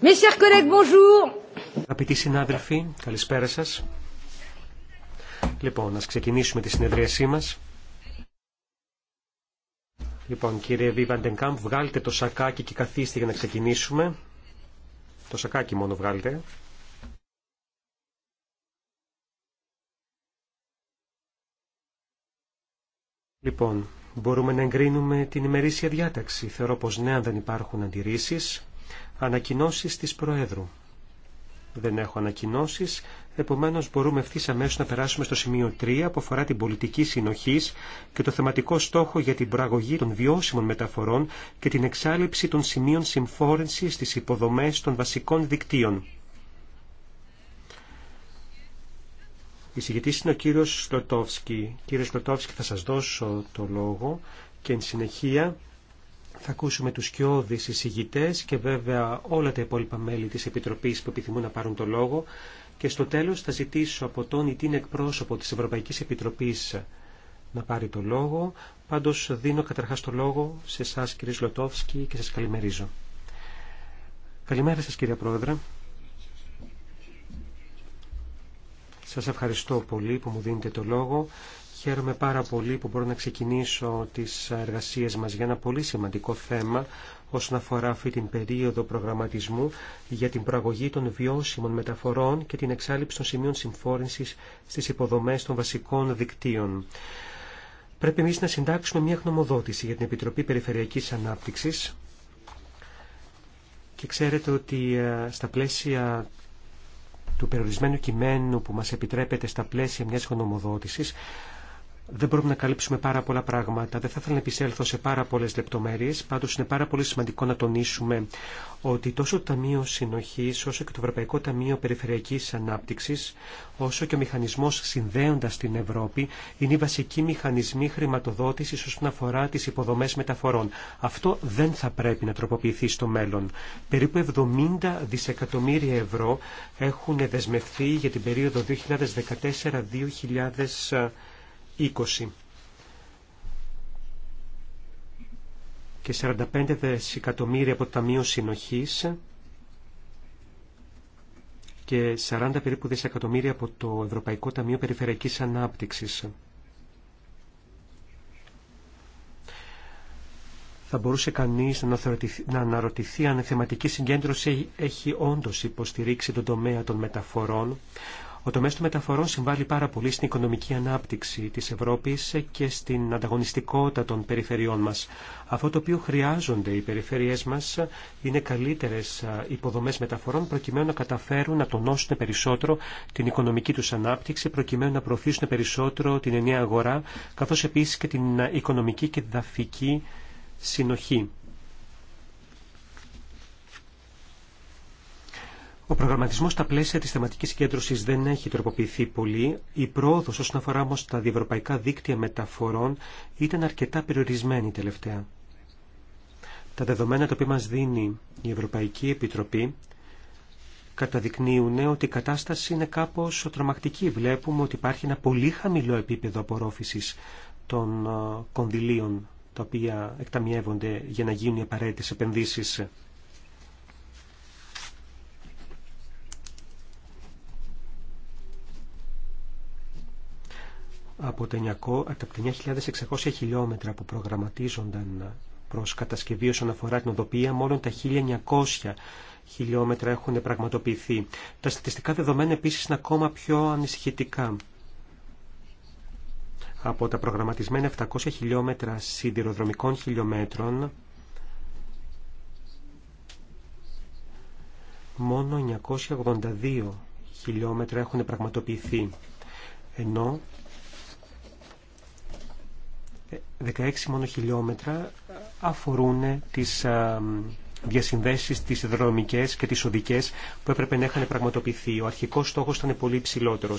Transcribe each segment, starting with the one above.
Mes Αγαπητοί συνάδελφοι, καλησπέρα σας. Λοιπόν, ας ξεκινήσουμε τη συνεδρίασή μας. Λοιπόν, κύριε Βίβαντενκάμπ, βγάλτε το σακάκι και καθίστε για να ξεκινήσουμε. Το σακάκι μόνο βγάλτε. Λοιπόν, μπορούμε να εγκρίνουμε την ημερήσια διάταξη. Θεωρώ πως ναι, αν δεν υπάρχουν αντιρρήσεις, Ανακοινώσεις της Προέδρου. Δεν έχω ανακοινώσεις, επομένως μπορούμε ευθύς αμέσως να περάσουμε στο σημείο 3 που αφορά την πολιτική συνοχή και το θεματικό στόχο για την προαγωγή των βιώσιμων μεταφορών και την εξάλληψη των σημείων συμφόρενσης στις υποδομές των βασικών δικτύων. Η συγκεκριτή είναι ο κύριος Σλοτόφσκι. Κύριε Σλοτόφσκι θα σας δώσω το λόγο και εν συνεχεία θα ακούσουμε τους κοιόδης εισηγητές και βέβαια όλα τα υπόλοιπα μέλη της Επιτροπής που επιθυμούν να πάρουν το λόγο και στο τέλος θα ζητήσω από τον ή την εκπρόσωπο της Ευρωπαϊκής Επιτροπής να πάρει το λόγο. Πάντως δίνω καταρχάς το λόγο σε εσά κύριε Σλοτόφσκι και σας καλημερίζω. Καλημέρα σας κύριε Πρόεδρε. Σας ευχαριστώ πολύ που μου δίνετε το λόγο Χαίρομαι πάρα πολύ που μπορώ να ξεκινήσω τις εργασίες μας για ένα πολύ σημαντικό θέμα όσον αφορά αυτή την περίοδο προγραμματισμού για την προαγωγή των βιώσιμων μεταφορών και την εξάλληψη των σημείων συμφόρησης στις υποδομές των βασικών δικτύων. Πρέπει εμείς να συντάξουμε μια γνωμοδότηση για την Επιτροπή Περιφερειακής Ανάπτυξης και ξέρετε ότι ε, στα πλαίσια του περιορισμένου κειμένου που μας επιτρέπεται στα πλαίσια μιας γνωμοδότησης δεν μπορούμε να καλύψουμε πάρα πολλά πράγματα. Δεν θα ήθελα να επισέλθω σε πάρα πολλές λεπτομέρειες. Πάντως είναι πάρα πολύ σημαντικό να τονίσουμε ότι τόσο το Ταμείο Συνοχής όσο και το Ευρωπαϊκό Ταμείο Περιφερειακής Ανάπτυξης όσο και ο μηχανισμός συνδεοντα την Ευρώπη είναι οι βασικοί μηχανισμοί χρηματοδότησης όσον αφορά τις υποδομές μεταφορών. Αυτό δεν θα πρέπει να τροποποιηθεί στο μέλλον. Περίπου 70 δισεκατομμύρια ευρώ έχουν δεσμευθεί για την περίοδο 2014-2020 20 και 45 δισεκατομμύρια από το Ταμείο Συνοχής και 40 περίπου δισεκατομμύρια από το Ευρωπαϊκό Ταμείο Περιφερειακής Ανάπτυξης. Θα μπορούσε κανείς να αναρωτηθεί αν η θεματική συγκέντρωση έχει όντως υποστηρίξει τον τομέα των μεταφορών, ο τομέα των μεταφορών συμβάλλει πάρα πολύ στην οικονομική ανάπτυξη της Ευρώπης και στην ανταγωνιστικότητα των περιφερειών μας. Αυτό το οποίο χρειάζονται οι περιφερειές μας είναι καλύτερες υποδομές μεταφορών προκειμένου να καταφέρουν να τονώσουν περισσότερο την οικονομική του ανάπτυξη, προκειμένου να προωθήσουν περισσότερο την ενιαία αγορά, καθώ επίση και την οικονομική και δαφική συνοχή. Ο προγραμματισμός στα πλαίσια της θεματικής κέντρωσης δεν έχει τροποποιηθεί πολύ. Η πρόοδος όσον αφορά όμως τα διευρωπαϊκά δίκτυα μεταφορών ήταν αρκετά περιορισμένη τελευταία. Τα δεδομένα τα οποία μας δίνει η Ευρωπαϊκή Επιτροπή καταδεικνύουν ότι η κατάσταση είναι κάπως τρομακτική. Βλέπουμε ότι υπάρχει ένα πολύ χαμηλό επίπεδο απορρόφησης των ε, κονδυλίων τα οποία εκταμιεύονται για να γίνουν οι απαραίτητες επενδύσεις. από τα 9.600 χιλιόμετρα που προγραμματίζονταν προς κατασκευή όσον αφορά την οδοπία, μόνο τα 1.900 χιλιόμετρα έχουν πραγματοποιηθεί. Τα στατιστικά δεδομένα επίσης είναι ακόμα πιο ανησυχητικά. Από τα προγραμματισμένα 700 χιλιόμετρα σιδηροδρομικών χιλιόμετρων, μόνο 982 χιλιόμετρα έχουν πραγματοποιηθεί, ενώ 16 μόνο χιλιόμετρα αφορούν τις διασυνδέσεις τις δρομικές και τις οδικές που έπρεπε να είχαν πραγματοποιηθεί. Ο αρχικός στόχος ήταν πολύ υψηλότερο.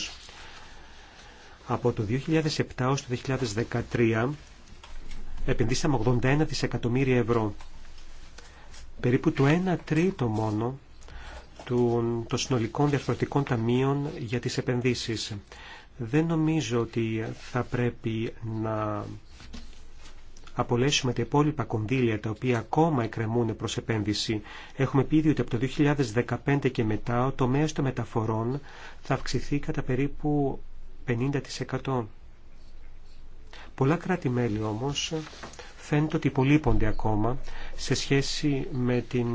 Από το 2007 έως το 2013 επενδύσαμε 81 δισεκατομμύρια ευρώ. Περίπου το 1 τρίτο μόνο των συνολικών διαφορετικών ταμείων για τις επενδύσεις. Δεν νομίζω ότι θα πρέπει να απολέσουμε τα υπόλοιπα κονδύλια τα οποία ακόμα εκκρεμούν προς επένδυση. Έχουμε πει ότι από το 2015 και μετά ο τομέας των μεταφορών θα αυξηθεί κατά περίπου 50%. Πολλά κράτη-μέλη όμως φαίνεται ότι υπολείπονται ακόμα σε σχέση με την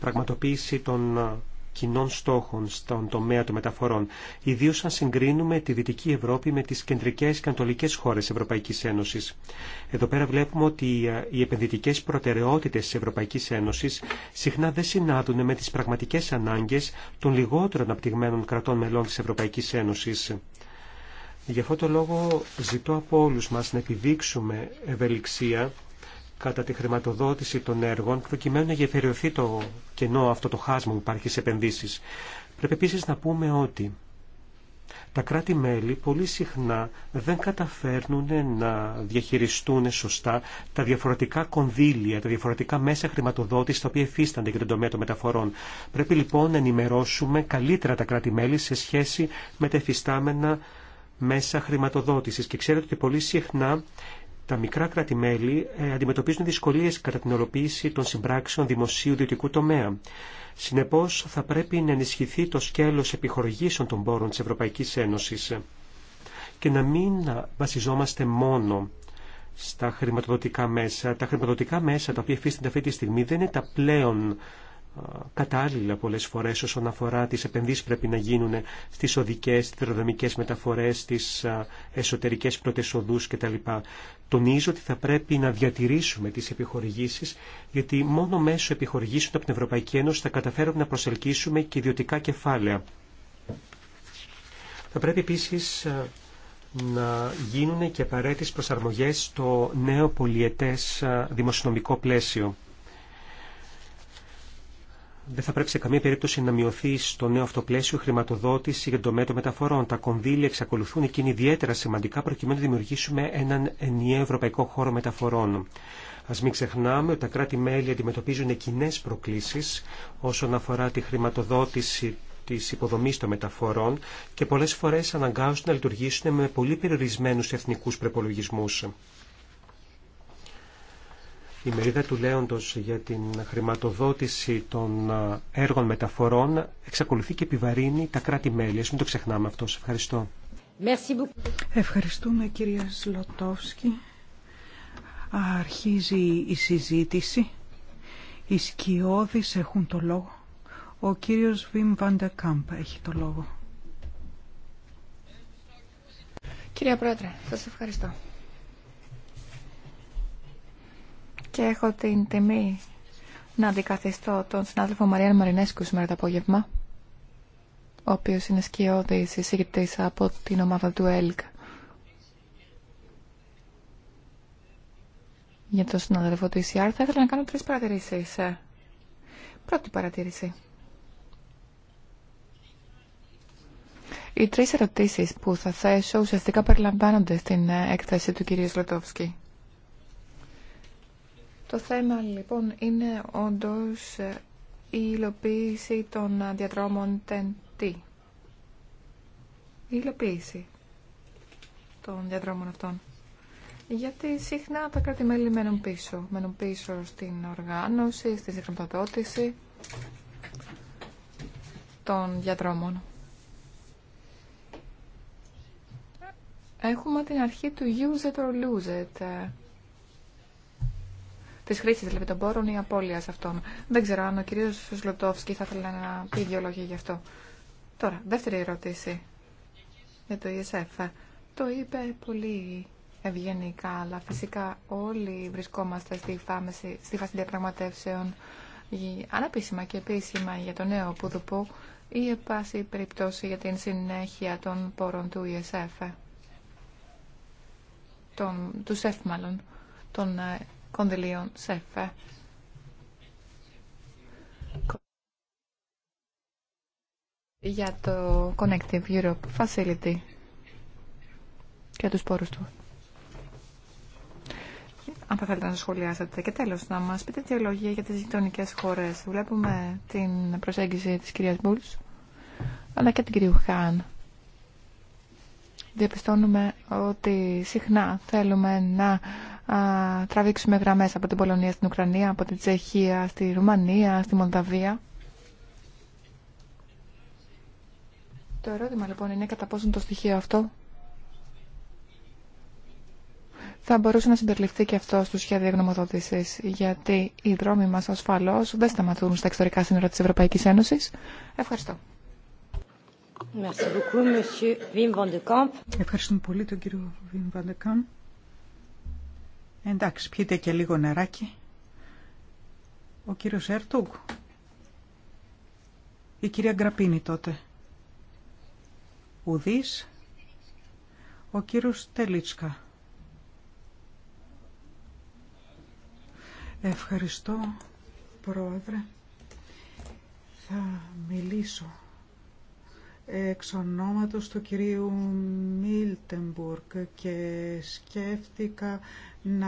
πραγματοποίηση των κοινών στόχων στον τομέα των μεταφορών, ιδίω αν συγκρίνουμε τη Δυτική Ευρώπη με τις κεντρικές και χώρε χώρες Ευρωπαϊκής Ένωσης. Εδώ πέρα βλέπουμε ότι οι επενδυτικέ προτεραιότητες τη Ευρωπαϊκής Ένωσης συχνά δεν συνάδουν με τις πραγματικές ανάγκες των λιγότερων απτυγμένων κρατών μελών τη Ευρωπαϊκή Ένωση. Γι' αυτό το λόγο ζητώ από όλους μας να επιδείξουμε ευελιξία κατά τη χρηματοδότηση των έργων προκειμένου να γεφεριωθεί το κενό αυτό το χάσμα που υπάρχει σε επενδύσεις. Πρέπει επίσης να πούμε ότι τα κράτη-μέλη πολύ συχνά δεν καταφέρνουν να διαχειριστούν σωστά τα διαφορετικά κονδύλια, τα διαφορετικά μέσα χρηματοδότηση τα οποία εφίστανται για τον τομέα των μεταφορών. Πρέπει λοιπόν να ενημερώσουμε καλύτερα τα κράτη-μέλη σε σχέση με τα εφιστάμενα μέσα χρηματοδότησης. Και ξέρετε ότι πολύ συχνά τα μικρά κράτη-μέλη ε, αντιμετωπίζουν δυσκολίες κατά την ολοποίηση των συμπράξεων δημοσίου διωτικού τομέα. Συνεπώς, θα πρέπει να ενισχυθεί το σκέλος επιχορηγήσεων των πόρων της Ευρωπαϊκής Ένωσης και να μην βασιζόμαστε μόνο στα χρηματοδοτικά μέσα. Τα χρηματοδοτικά μέσα τα οποία υφίστανται αυτή τη στιγμή δεν είναι τα πλέον κατάλληλα πολλές φορές όσον αφορά τις επενδύσεις πρέπει να γίνουν στις οδικές, στις μεταφορές, στις εσωτερικές πρώτες οδούς κτλ. Τονίζω ότι θα πρέπει να διατηρήσουμε τις επιχορηγήσεις γιατί μόνο μέσω επιχορηγήσεων από την Ευρωπαϊκή Ένωση θα καταφέρουμε να προσελκύσουμε και ιδιωτικά κεφάλαια. Θα πρέπει επίσης να γίνουν και απαραίτητε προσαρμογές στο νέο πολιετές δημοσιονομικό πλαίσιο δεν θα πρέπει σε καμία περίπτωση να μειωθεί στο νέο αυτοπλαίσιο χρηματοδότηση για το μέτρο μεταφορών. Τα κονδύλια εξακολουθούν και ιδιαίτερα σημαντικά προκειμένου να δημιουργήσουμε έναν ενιαίο ευρωπαϊκό χώρο μεταφορών. Α μην ξεχνάμε ότι τα κράτη-μέλη αντιμετωπίζουν κοινέ προκλήσει όσον αφορά τη χρηματοδότηση τη υποδομή των μεταφορών και πολλέ φορέ αναγκάζονται να λειτουργήσουν με πολύ περιορισμένου εθνικού προπολογισμού η μερίδα του λέοντος για την χρηματοδότηση των ε, έργων μεταφορών εξακολουθεί και επιβαρύνει τα κράτη-μέλη. Ας μην το ξεχνάμε αυτό. Ευχαριστώ. Ευχαριστούμε κυρία Σλοτόφσκι. Αρχίζει η συζήτηση. Οι σκιώδεις έχουν το λόγο. Ο κύριος Βιμ Βαντεκάμπ έχει το λόγο. Κυρία Πρόεδρε, σας ευχαριστώ. και έχω την τιμή να αντικαθιστώ τον συνάδελφο Μαριάν Μαρινέσκου σήμερα το απόγευμα, ο οποίο είναι σκιώδη εισηγητής από την ομάδα του ΕΛΚ. Για τον συνάδελφο του ECR θα ήθελα να κάνω τρει παρατηρήσει. Ε, πρώτη παρατήρηση. Οι τρεις ερωτήσεις που θα θέσω ουσιαστικά περιλαμβάνονται στην ε, έκθεση του κυρίου Σλοτόφσκη. Το θέμα λοιπόν είναι όντως ε, η υλοποίηση των ε, διαδρόμων T. Η υλοποίηση των διαδρόμων αυτών. Γιατί συχνά τα κράτη-μέλη μένουν πίσω. Μένουν πίσω στην οργάνωση, στη συγχρηματοδότηση των διαδρόμων. Έχουμε την αρχή του use it or lose it. Ε, της χρήσης δηλαδή, των πόρων ή απώλειας αυτών. Δεν ξέρω αν ο κύριος Σλουτόφσκι θα ήθελε να πει δύο λόγια γι' αυτό. Τώρα, δεύτερη ερώτηση για το ESF. Το είπε πολύ ευγενικά, αλλά φυσικά όλοι βρισκόμαστε στη, φάμεση, στη φάση διαπραγματεύσεων αναπίσημα και επίσημα για το νέο πουδουπού ή επάση περιπτώσει για την συνέχεια των πόρων του ESF, τον, του ΣΕΦ μάλλον, των ε, κονδυλίων ΣΕΦΕ. για το Connective Europe Facility και τους πόρους του. Αν θα θέλετε να σχολιάσετε και τέλος να μας πείτε τη λόγια για τις γειτονικέ χώρες. Βλέπουμε την προσέγγιση της κυρίας Μπούλς αλλά και την κυρίου Χάν. Διαπιστώνουμε ότι συχνά θέλουμε να τραβήξουμε γραμμές από την Πολωνία στην Ουκρανία, από την Τσεχία, στη Ρουμανία, στη Μολδαβία. Το ερώτημα λοιπόν είναι κατά πόσο το στοιχείο αυτό θα μπορούσε να συμπεριληφθεί και αυτό στο σχέδιο γνωμοδότηση, γιατί οι δρόμοι μα ασφαλώ δεν σταματούν στα εξωτερικά σύνορα τη Ευρωπαϊκή Ένωση. Ευχαριστώ. Ευχαριστώ πολύ τον κύριο Βιμ Βαντεκάμπ. Εντάξει, πιείτε και λίγο νεράκι. Ο κύριος Έρτουγκ. Η κυρία Γκραπίνη τότε. Ουδής. Ο κύριος Τελίτσκα. Ευχαριστώ, Πρόεδρε. Θα μιλήσω εξ ονόματος του κυρίου Μίλτεμπουργκ και σκέφτηκα να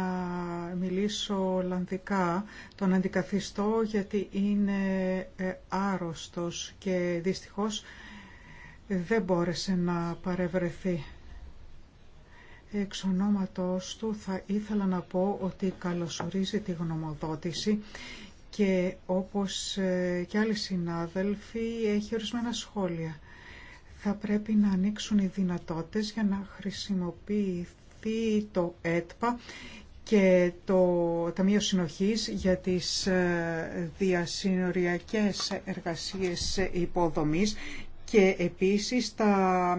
μιλήσω Ολλανδικά. Τον αντικαθιστώ γιατί είναι ε, άρρωστος και δυστυχώς δεν μπόρεσε να παρευρεθεί. Εξ ονόματος του θα ήθελα να πω ότι καλωσορίζει τη γνωμοδότηση και όπως ε, και άλλοι συνάδελφοι έχει ορισμένα σχόλια θα πρέπει να ανοίξουν οι δυνατότητες για να χρησιμοποιηθεί το ΕΤΠΑ και το Ταμείο Συνοχής για τις ε, διασυνοριακές εργασίες υποδομής και επίσης τα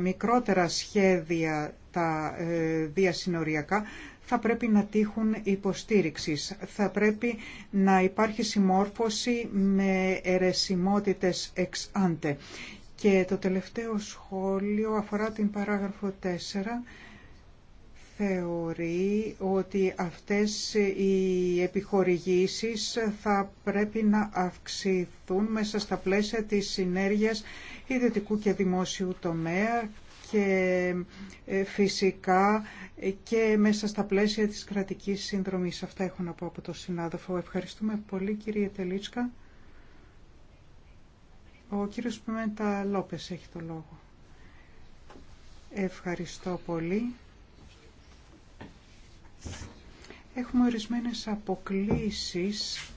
μικρότερα σχέδια, τα ε, διασυνοριακά, θα πρέπει να τύχουν υποστήριξης. Θα πρέπει να υπάρχει συμμόρφωση με ερεσιμότητες εξάντε και το τελευταίο σχόλιο αφορά την παράγραφο 4 θεωρεί ότι αυτές οι επιχορηγήσεις θα πρέπει να αυξηθούν μέσα στα πλαίσια της συνέργειας ιδιωτικού και δημόσιου τομέα και ε, φυσικά και μέσα στα πλαίσια της κρατικής συνδρομής. Αυτά έχω να πω από τον συνάδελφο. Ευχαριστούμε πολύ κύριε Τελίτσκα. Ο κύριος Πιμέντα Λόπες έχει το λόγο. Ευχαριστώ πολύ. Έχουμε ορισμένες αποκλήσεις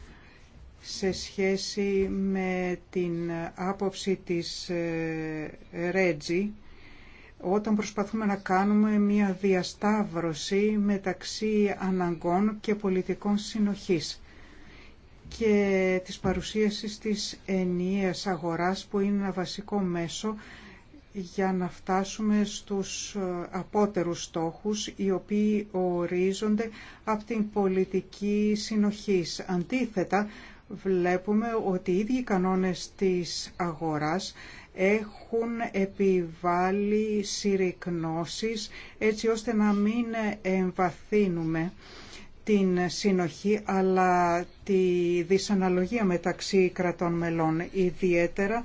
σε σχέση με την άποψη της ε, Ρέτζη όταν προσπαθούμε να κάνουμε μία διασταύρωση μεταξύ αναγκών και πολιτικών συνοχής και της παρουσίασης της ενιαίας αγοράς που είναι ένα βασικό μέσο για να φτάσουμε στους ε, απότερους στόχους οι οποίοι ορίζονται από την πολιτική συνοχής. Αντίθετα, βλέπουμε ότι οι ίδιοι κανόνες της αγοράς έχουν επιβάλει συρρυκνώσεις έτσι ώστε να μην εμβαθύνουμε την συνοχή αλλά τη δυσαναλογία μεταξύ κρατών μελών ιδιαίτερα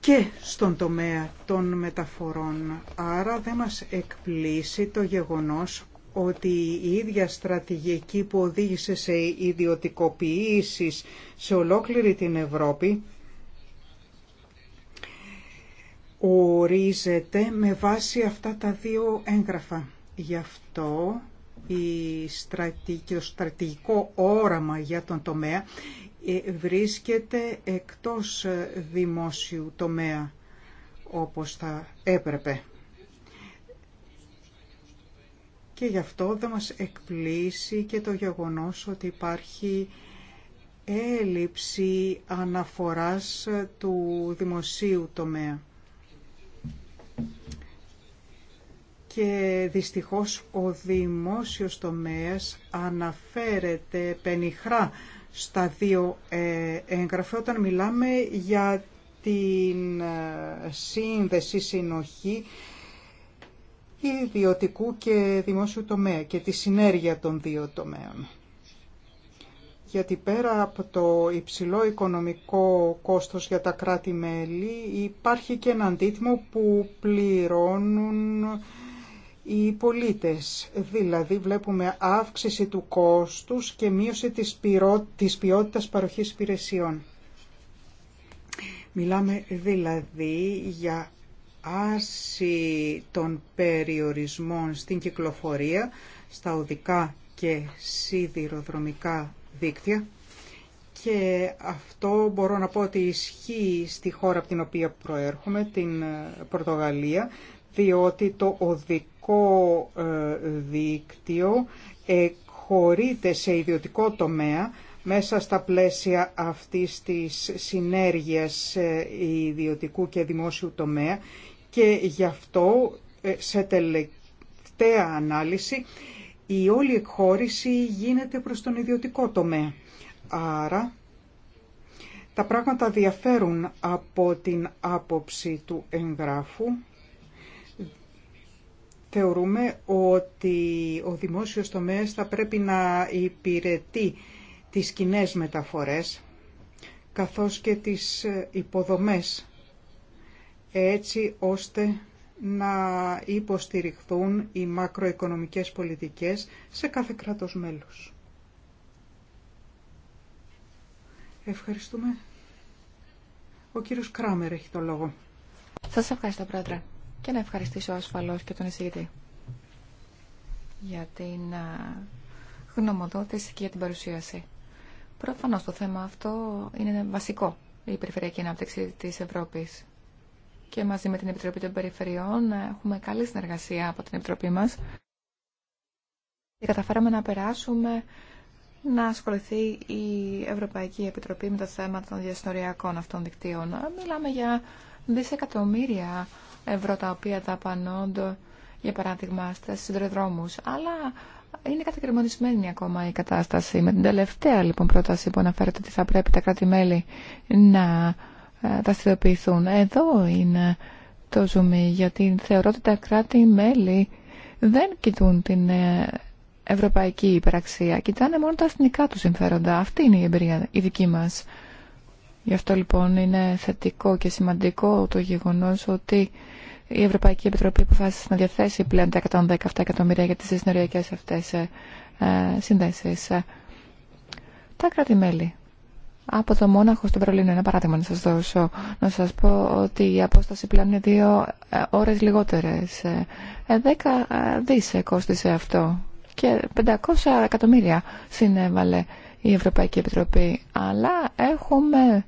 και στον τομέα των μεταφορών. Άρα δεν μας εκπλήσει το γεγονός ότι η ίδια στρατηγική που οδήγησε σε ιδιωτικοποιήσεις σε ολόκληρη την Ευρώπη ορίζεται με βάση αυτά τα δύο έγγραφα. Γι' αυτό η το στρατηγικό όραμα για τον τομέα ε, βρίσκεται εκτός ε, δημόσιου τομέα όπως θα έπρεπε. Και γι' αυτό δεν μας εκπλήσει και το γεγονός ότι υπάρχει έλλειψη αναφοράς ε, του δημοσίου τομέα και δυστυχώς ο δημόσιος τομέας αναφέρεται πενιχρά στα δύο ε, έγγραφα όταν μιλάμε για την ε, σύνδεση, συνοχή ιδιωτικού και δημόσιου τομέα και τη συνέργεια των δύο τομέων. Γιατί πέρα από το υψηλό οικονομικό κόστος για τα κράτη-μέλη υπάρχει και ένα αντίτιμο που πληρώνουν οι πολίτες. Δηλαδή βλέπουμε αύξηση του κόστους και μείωση της, πυρό... της ποιότητας παροχής υπηρεσιών. Μιλάμε δηλαδή για άση των περιορισμών στην κυκλοφορία, στα οδικά και σιδηροδρομικά δίκτυα και αυτό μπορώ να πω ότι ισχύει στη χώρα από την οποία προέρχομαι, την ε, Πορτογαλία, διότι το οδικό ε, δίκτυο εκχωρείται σε ιδιωτικό τομέα μέσα στα πλαίσια αυτής της συνέργειας ε, ιδιωτικού και δημόσιου τομέα και γι' αυτό ε, σε τελευταία ανάλυση η όλη εκχώρηση γίνεται προς τον ιδιωτικό τομέα. Άρα τα πράγματα διαφέρουν από την άποψη του εγγράφου Θεωρούμε ότι ο δημόσιος τομέας θα πρέπει να υπηρετεί τις κοινέ μεταφορές καθώς και τις ε, υποδομές έτσι ώστε να υποστηριχθούν οι μακροοικονομικές πολιτικές σε κάθε κράτος μέλος. Ευχαριστούμε. Ο κύριος Κράμερ έχει το λόγο. Σας ευχαριστώ, Πρόεδρε και να ευχαριστήσω ασφαλώς και τον εισηγητή για την γνωμοδότηση και για την παρουσίαση. Προφανώς το θέμα αυτό είναι βασικό η περιφερειακή ανάπτυξη της Ευρώπης. Και μαζί με την Επιτροπή των Περιφερειών ε, έχουμε καλή συνεργασία από την Επιτροπή μας και καταφέραμε να περάσουμε να ασχοληθεί η Ευρωπαϊκή Επιτροπή με το θέμα των διαστοριακών αυτών δικτύων. Μιλάμε για δισεκατομμύρια ευρώ τα οποία δαπανώνται, για παράδειγμα, στα συνδροδρόμους. Αλλά είναι κατακριμονισμένη ακόμα η κατάσταση. Με την τελευταία λοιπόν πρόταση που αναφέρεται ότι θα πρέπει τα κράτη-μέλη να ε, δραστηριοποιηθούν. Εδώ είναι το ζουμί, γιατί θεωρώ ότι τα κράτη-μέλη δεν κοιτούν την ε, ευρωπαϊκή υπεραξία. Κοιτάνε μόνο τα εθνικά του συμφέροντα. Αυτή είναι η εμπειρία η δική μας. Γι' αυτό λοιπόν είναι θετικό και σημαντικό το γεγονός ότι η Ευρωπαϊκή Επιτροπή αποφάσισε να διαθέσει πλέον τα 117 εκατομμύρια για τις συνοριακές αυτές ε, ε, συνδέσεις. Τα κράτη-μέλη. Από το Μόναχο στο Βερολίνο, ένα παράδειγμα να σας δώσω, να σας πω ότι η απόσταση πλέον είναι δύο ε, ώρες λιγότερες. Ε, δέκα δις κόστησε αυτό και 500 εκατομμύρια συνέβαλε η Ευρωπαϊκή Επιτροπή, αλλά έχουμε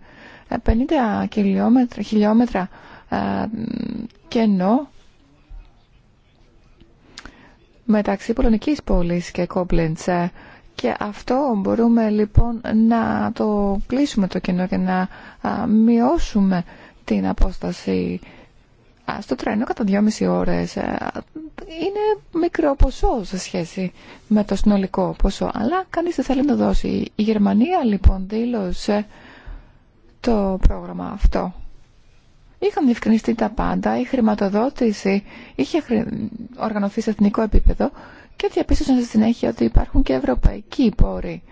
50 χιλιόμετρα, ε, κενό μεταξύ Πολωνικής πόλης και Κόμπλεντσε. Και αυτό μπορούμε λοιπόν να το κλείσουμε το κενό και να ε, μειώσουμε την απόσταση στο τρένο κατά δυόμιση ώρες ε, είναι μικρό ποσό σε σχέση με το συνολικό ποσό αλλά κανείς δεν θέλει να το δώσει η Γερμανία λοιπόν δήλωσε το πρόγραμμα αυτό είχαν διευκρινιστεί τα πάντα η χρηματοδότηση είχε οργανωθεί σε εθνικό επίπεδο και διαπίστωσαν στη συνέχεια ότι υπάρχουν και ευρωπαϊκοί πόροι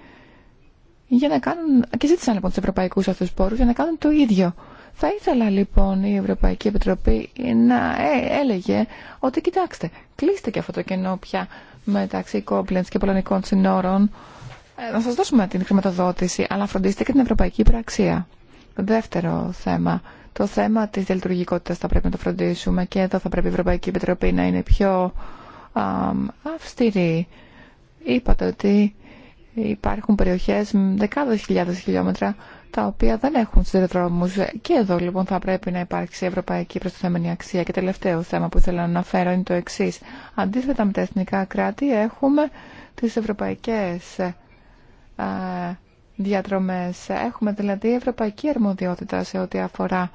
για να κάνουν, και ζήτησαν λοιπόν του ευρωπαϊκού αυτού πόρου για να κάνουν το ίδιο. Θα ήθελα λοιπόν η Ευρωπαϊκή Επιτροπή να ε, έλεγε ότι κοιτάξτε, κλείστε και αυτό το κενό πια μεταξύ Κόμπλεντς και Πολωνικών συνόρων. Ε, να σας δώσουμε την χρηματοδότηση, αλλά φροντίστε και την ευρωπαϊκή πραξία. Δεύτερο θέμα. Το θέμα της διαλειτουργικότητας θα πρέπει να το φροντίσουμε και εδώ θα πρέπει η Ευρωπαϊκή Επιτροπή να είναι πιο α, αυστηρή. Είπατε ότι υπάρχουν περιοχές δεκάδες χιλιάδες χιλιόμετρα τα οποία δεν έχουν σιδηροδρόμους. Και εδώ λοιπόν θα πρέπει να υπάρξει ευρωπαϊκή προστιθέμενη αξία. Και τελευταίο θέμα που ήθελα να αναφέρω είναι το εξή. Αντίθετα με τα εθνικά κράτη έχουμε τι ευρωπαϊκέ ε, διαδρομέ. Έχουμε δηλαδή ευρωπαϊκή αρμοδιότητα σε ό,τι αφορά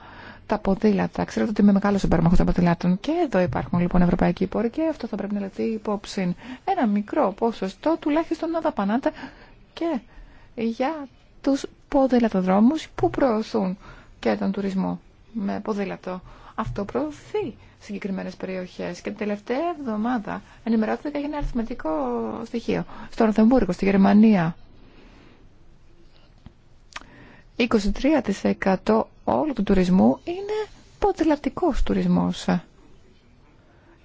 τα ποδήλατα. Ξέρετε ότι είμαι μεγάλο συμπαρμαχό των ποδήλατων και εδώ υπάρχουν λοιπόν ευρωπαϊκοί πόροι και αυτό θα πρέπει να λεφθεί υπόψη. Ένα μικρό ποσοστό τουλάχιστον να δαπανάτε και για τους ποδηλατοδρόμους που προωθούν και τον τουρισμό με ποδήλατο. Αυτό προωθεί συγκεκριμένες περιοχές και την τελευταία εβδομάδα ενημερώθηκα για ένα αριθμητικό στοιχείο στο Ροδεμβούργο, στη Γερμανία. 23% όλου του τουρισμού είναι ποδηλατικός τουρισμός.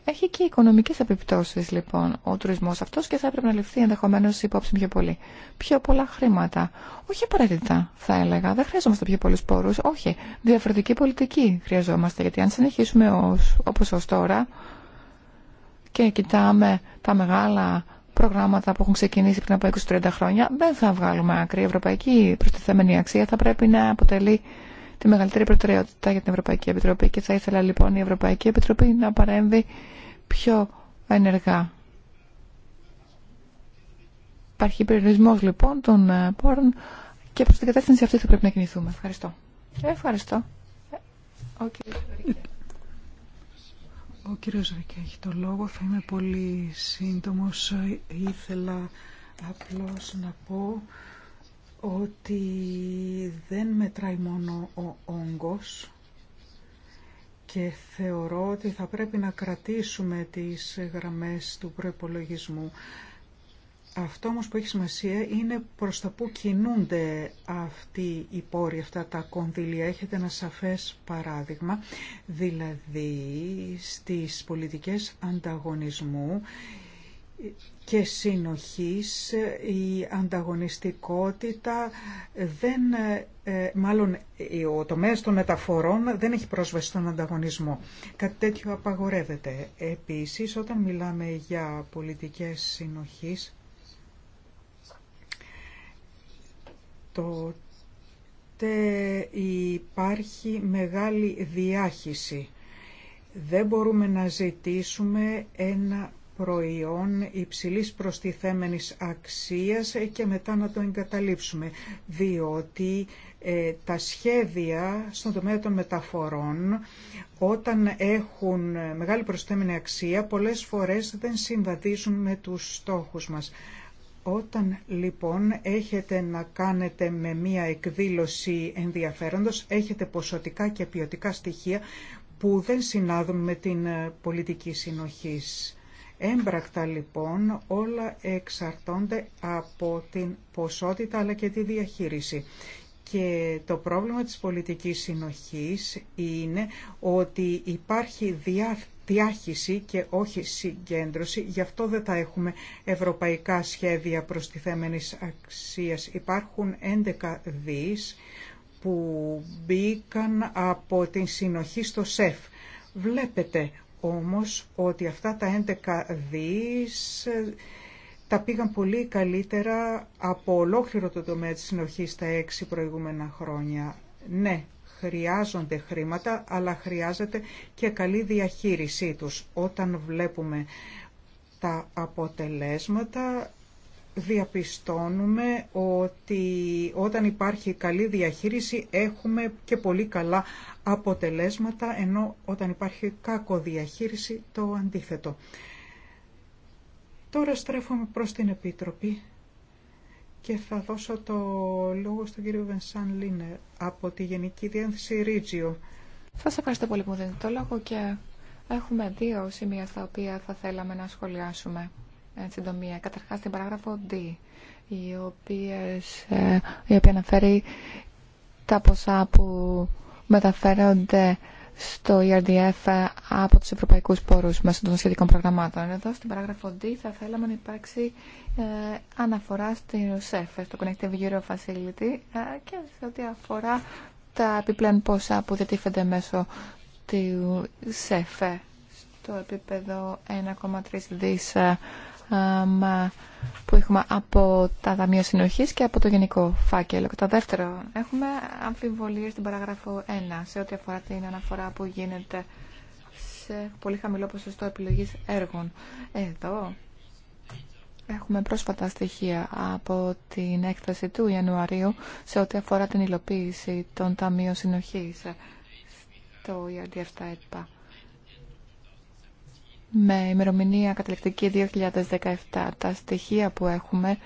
Έχει και οικονομικές επιπτώσεις λοιπόν ο τουρισμός αυτός και θα έπρεπε να ληφθεί ενδεχομένω υπόψη πιο πολύ. Πιο πολλά χρήματα. Όχι απαραίτητα θα έλεγα. Δεν χρειαζόμαστε πιο πολλούς πόρους. Όχι. Διαφορετική πολιτική χρειαζόμαστε. Γιατί αν συνεχίσουμε ως, όπως ως τώρα και κοιτάμε τα μεγάλα προγράμματα που έχουν ξεκινήσει πριν από 20-30 χρόνια δεν θα βγάλουμε άκρη. Η ευρωπαϊκή προστιθέμενη αξία θα πρέπει να αποτελεί τη μεγαλύτερη προτεραιότητα για την Ευρωπαϊκή Επιτροπή και θα ήθελα λοιπόν η Ευρωπαϊκή Επιτροπή να παρέμβει πιο ενεργά. Υπάρχει περιορισμό λοιπόν των ε, πόρων και προς την κατεύθυνση αυτή θα πρέπει να κινηθούμε. Ευχαριστώ. Ε, ευχαριστώ. Ε, ο κύριος Ο κύριος έχει το λόγο. Θα είμαι πολύ σύντομος. Ήθελα απλώς να πω ότι δεν μετράει μόνο ο όγκος και θεωρώ ότι θα πρέπει να κρατήσουμε τις γραμμές του προϋπολογισμού. Αυτό όμως που έχει σημασία είναι προς τα που κινούνται αυτοί οι πόροι, αυτά τα κονδύλια. Έχετε ένα σαφές παράδειγμα, δηλαδή στις πολιτικές ανταγωνισμού και συνοχής, η ανταγωνιστικότητα δεν, ε, μάλλον ε, ο τομέας των μεταφορών δεν έχει πρόσβαση στον ανταγωνισμό. Κάτι τέτοιο απαγορεύεται. Επίσης, όταν μιλάμε για πολιτικές συνοχής, τότε υπάρχει μεγάλη διάχυση. Δεν μπορούμε να ζητήσουμε ένα προϊόν υψηλής προστιθέμενης αξίας και μετά να το εγκαταλείψουμε, διότι ε, τα σχέδια στον τομέα των μεταφορών όταν έχουν μεγάλη προστιθέμενη αξία πολλές φορές δεν συμβαδίζουν με τους στόχους μας. Όταν λοιπόν έχετε να κάνετε με μία εκδήλωση ενδιαφέροντος, έχετε ποσοτικά και ποιοτικά στοιχεία που δεν συνάδουν με την ε, πολιτική συνοχής. Έμπρακτα λοιπόν όλα εξαρτώνται από την ποσότητα αλλά και τη διαχείριση. Και το πρόβλημα της πολιτικής συνοχής είναι ότι υπάρχει διάχυση και όχι συγκέντρωση, γι' αυτό δεν θα έχουμε ευρωπαϊκά σχέδια τη θέμενης αξίας. Υπάρχουν 11 δις που μπήκαν από την συνοχή στο ΣΕΦ. Βλέπετε όμως ότι αυτά τα 11 δις ε, τα πήγαν πολύ καλύτερα από ολόκληρο το τομέα της συνοχής τα 6 προηγούμενα χρόνια. Ναι, χρειάζονται χρήματα, αλλά χρειάζεται και καλή διαχείρισή τους. Όταν βλέπουμε τα αποτελέσματα διαπιστώνουμε ότι όταν υπάρχει καλή διαχείριση έχουμε και πολύ καλά αποτελέσματα, ενώ όταν υπάρχει κάκο διαχείριση το αντίθετο. Τώρα στρέφομαι προς την Επίτροπη και θα δώσω το λόγο στον κύριο Βενσάν Λίνερ από τη Γενική Διεύθυνση Ρίτζιο. Σας ευχαριστώ πολύ που δίνετε το λόγο και έχουμε δύο σημεία στα οποία θα θέλαμε να σχολιάσουμε. Καταρχά συντομία. Καταρχάς την παράγραφο D, η, ε, η οποία αναφέρει τα ποσά που μεταφέρονται στο ERDF από τους ευρωπαϊκούς πόρους μέσω των σχετικών προγραμμάτων. Εδώ στην παράγραφο D θα θέλαμε να υπάρξει ε, αναφορά στην ΣΕΦ, στο Connective Euro Facility ε, και σε ό,τι αφορά τα επιπλέον ποσά που διατίθενται μέσω του ΣΕΦ στο επίπεδο 1,3 δις που έχουμε από τα Ταμεία Συνοχής και από το Γενικό Φάκελο. το δεύτερο, έχουμε αμφιβολίες στην παράγραφο 1 σε ό,τι αφορά την αναφορά που γίνεται σε πολύ χαμηλό ποσοστό επιλογής έργων. Εδώ έχουμε πρόσφατα στοιχεία από την έκθεση του Ιανουαρίου σε ό,τι αφορά την υλοποίηση των Ταμείων Συνοχής στο ERDF με ημερομηνία καταληκτική 2017. Τα στοιχεία που έχουμε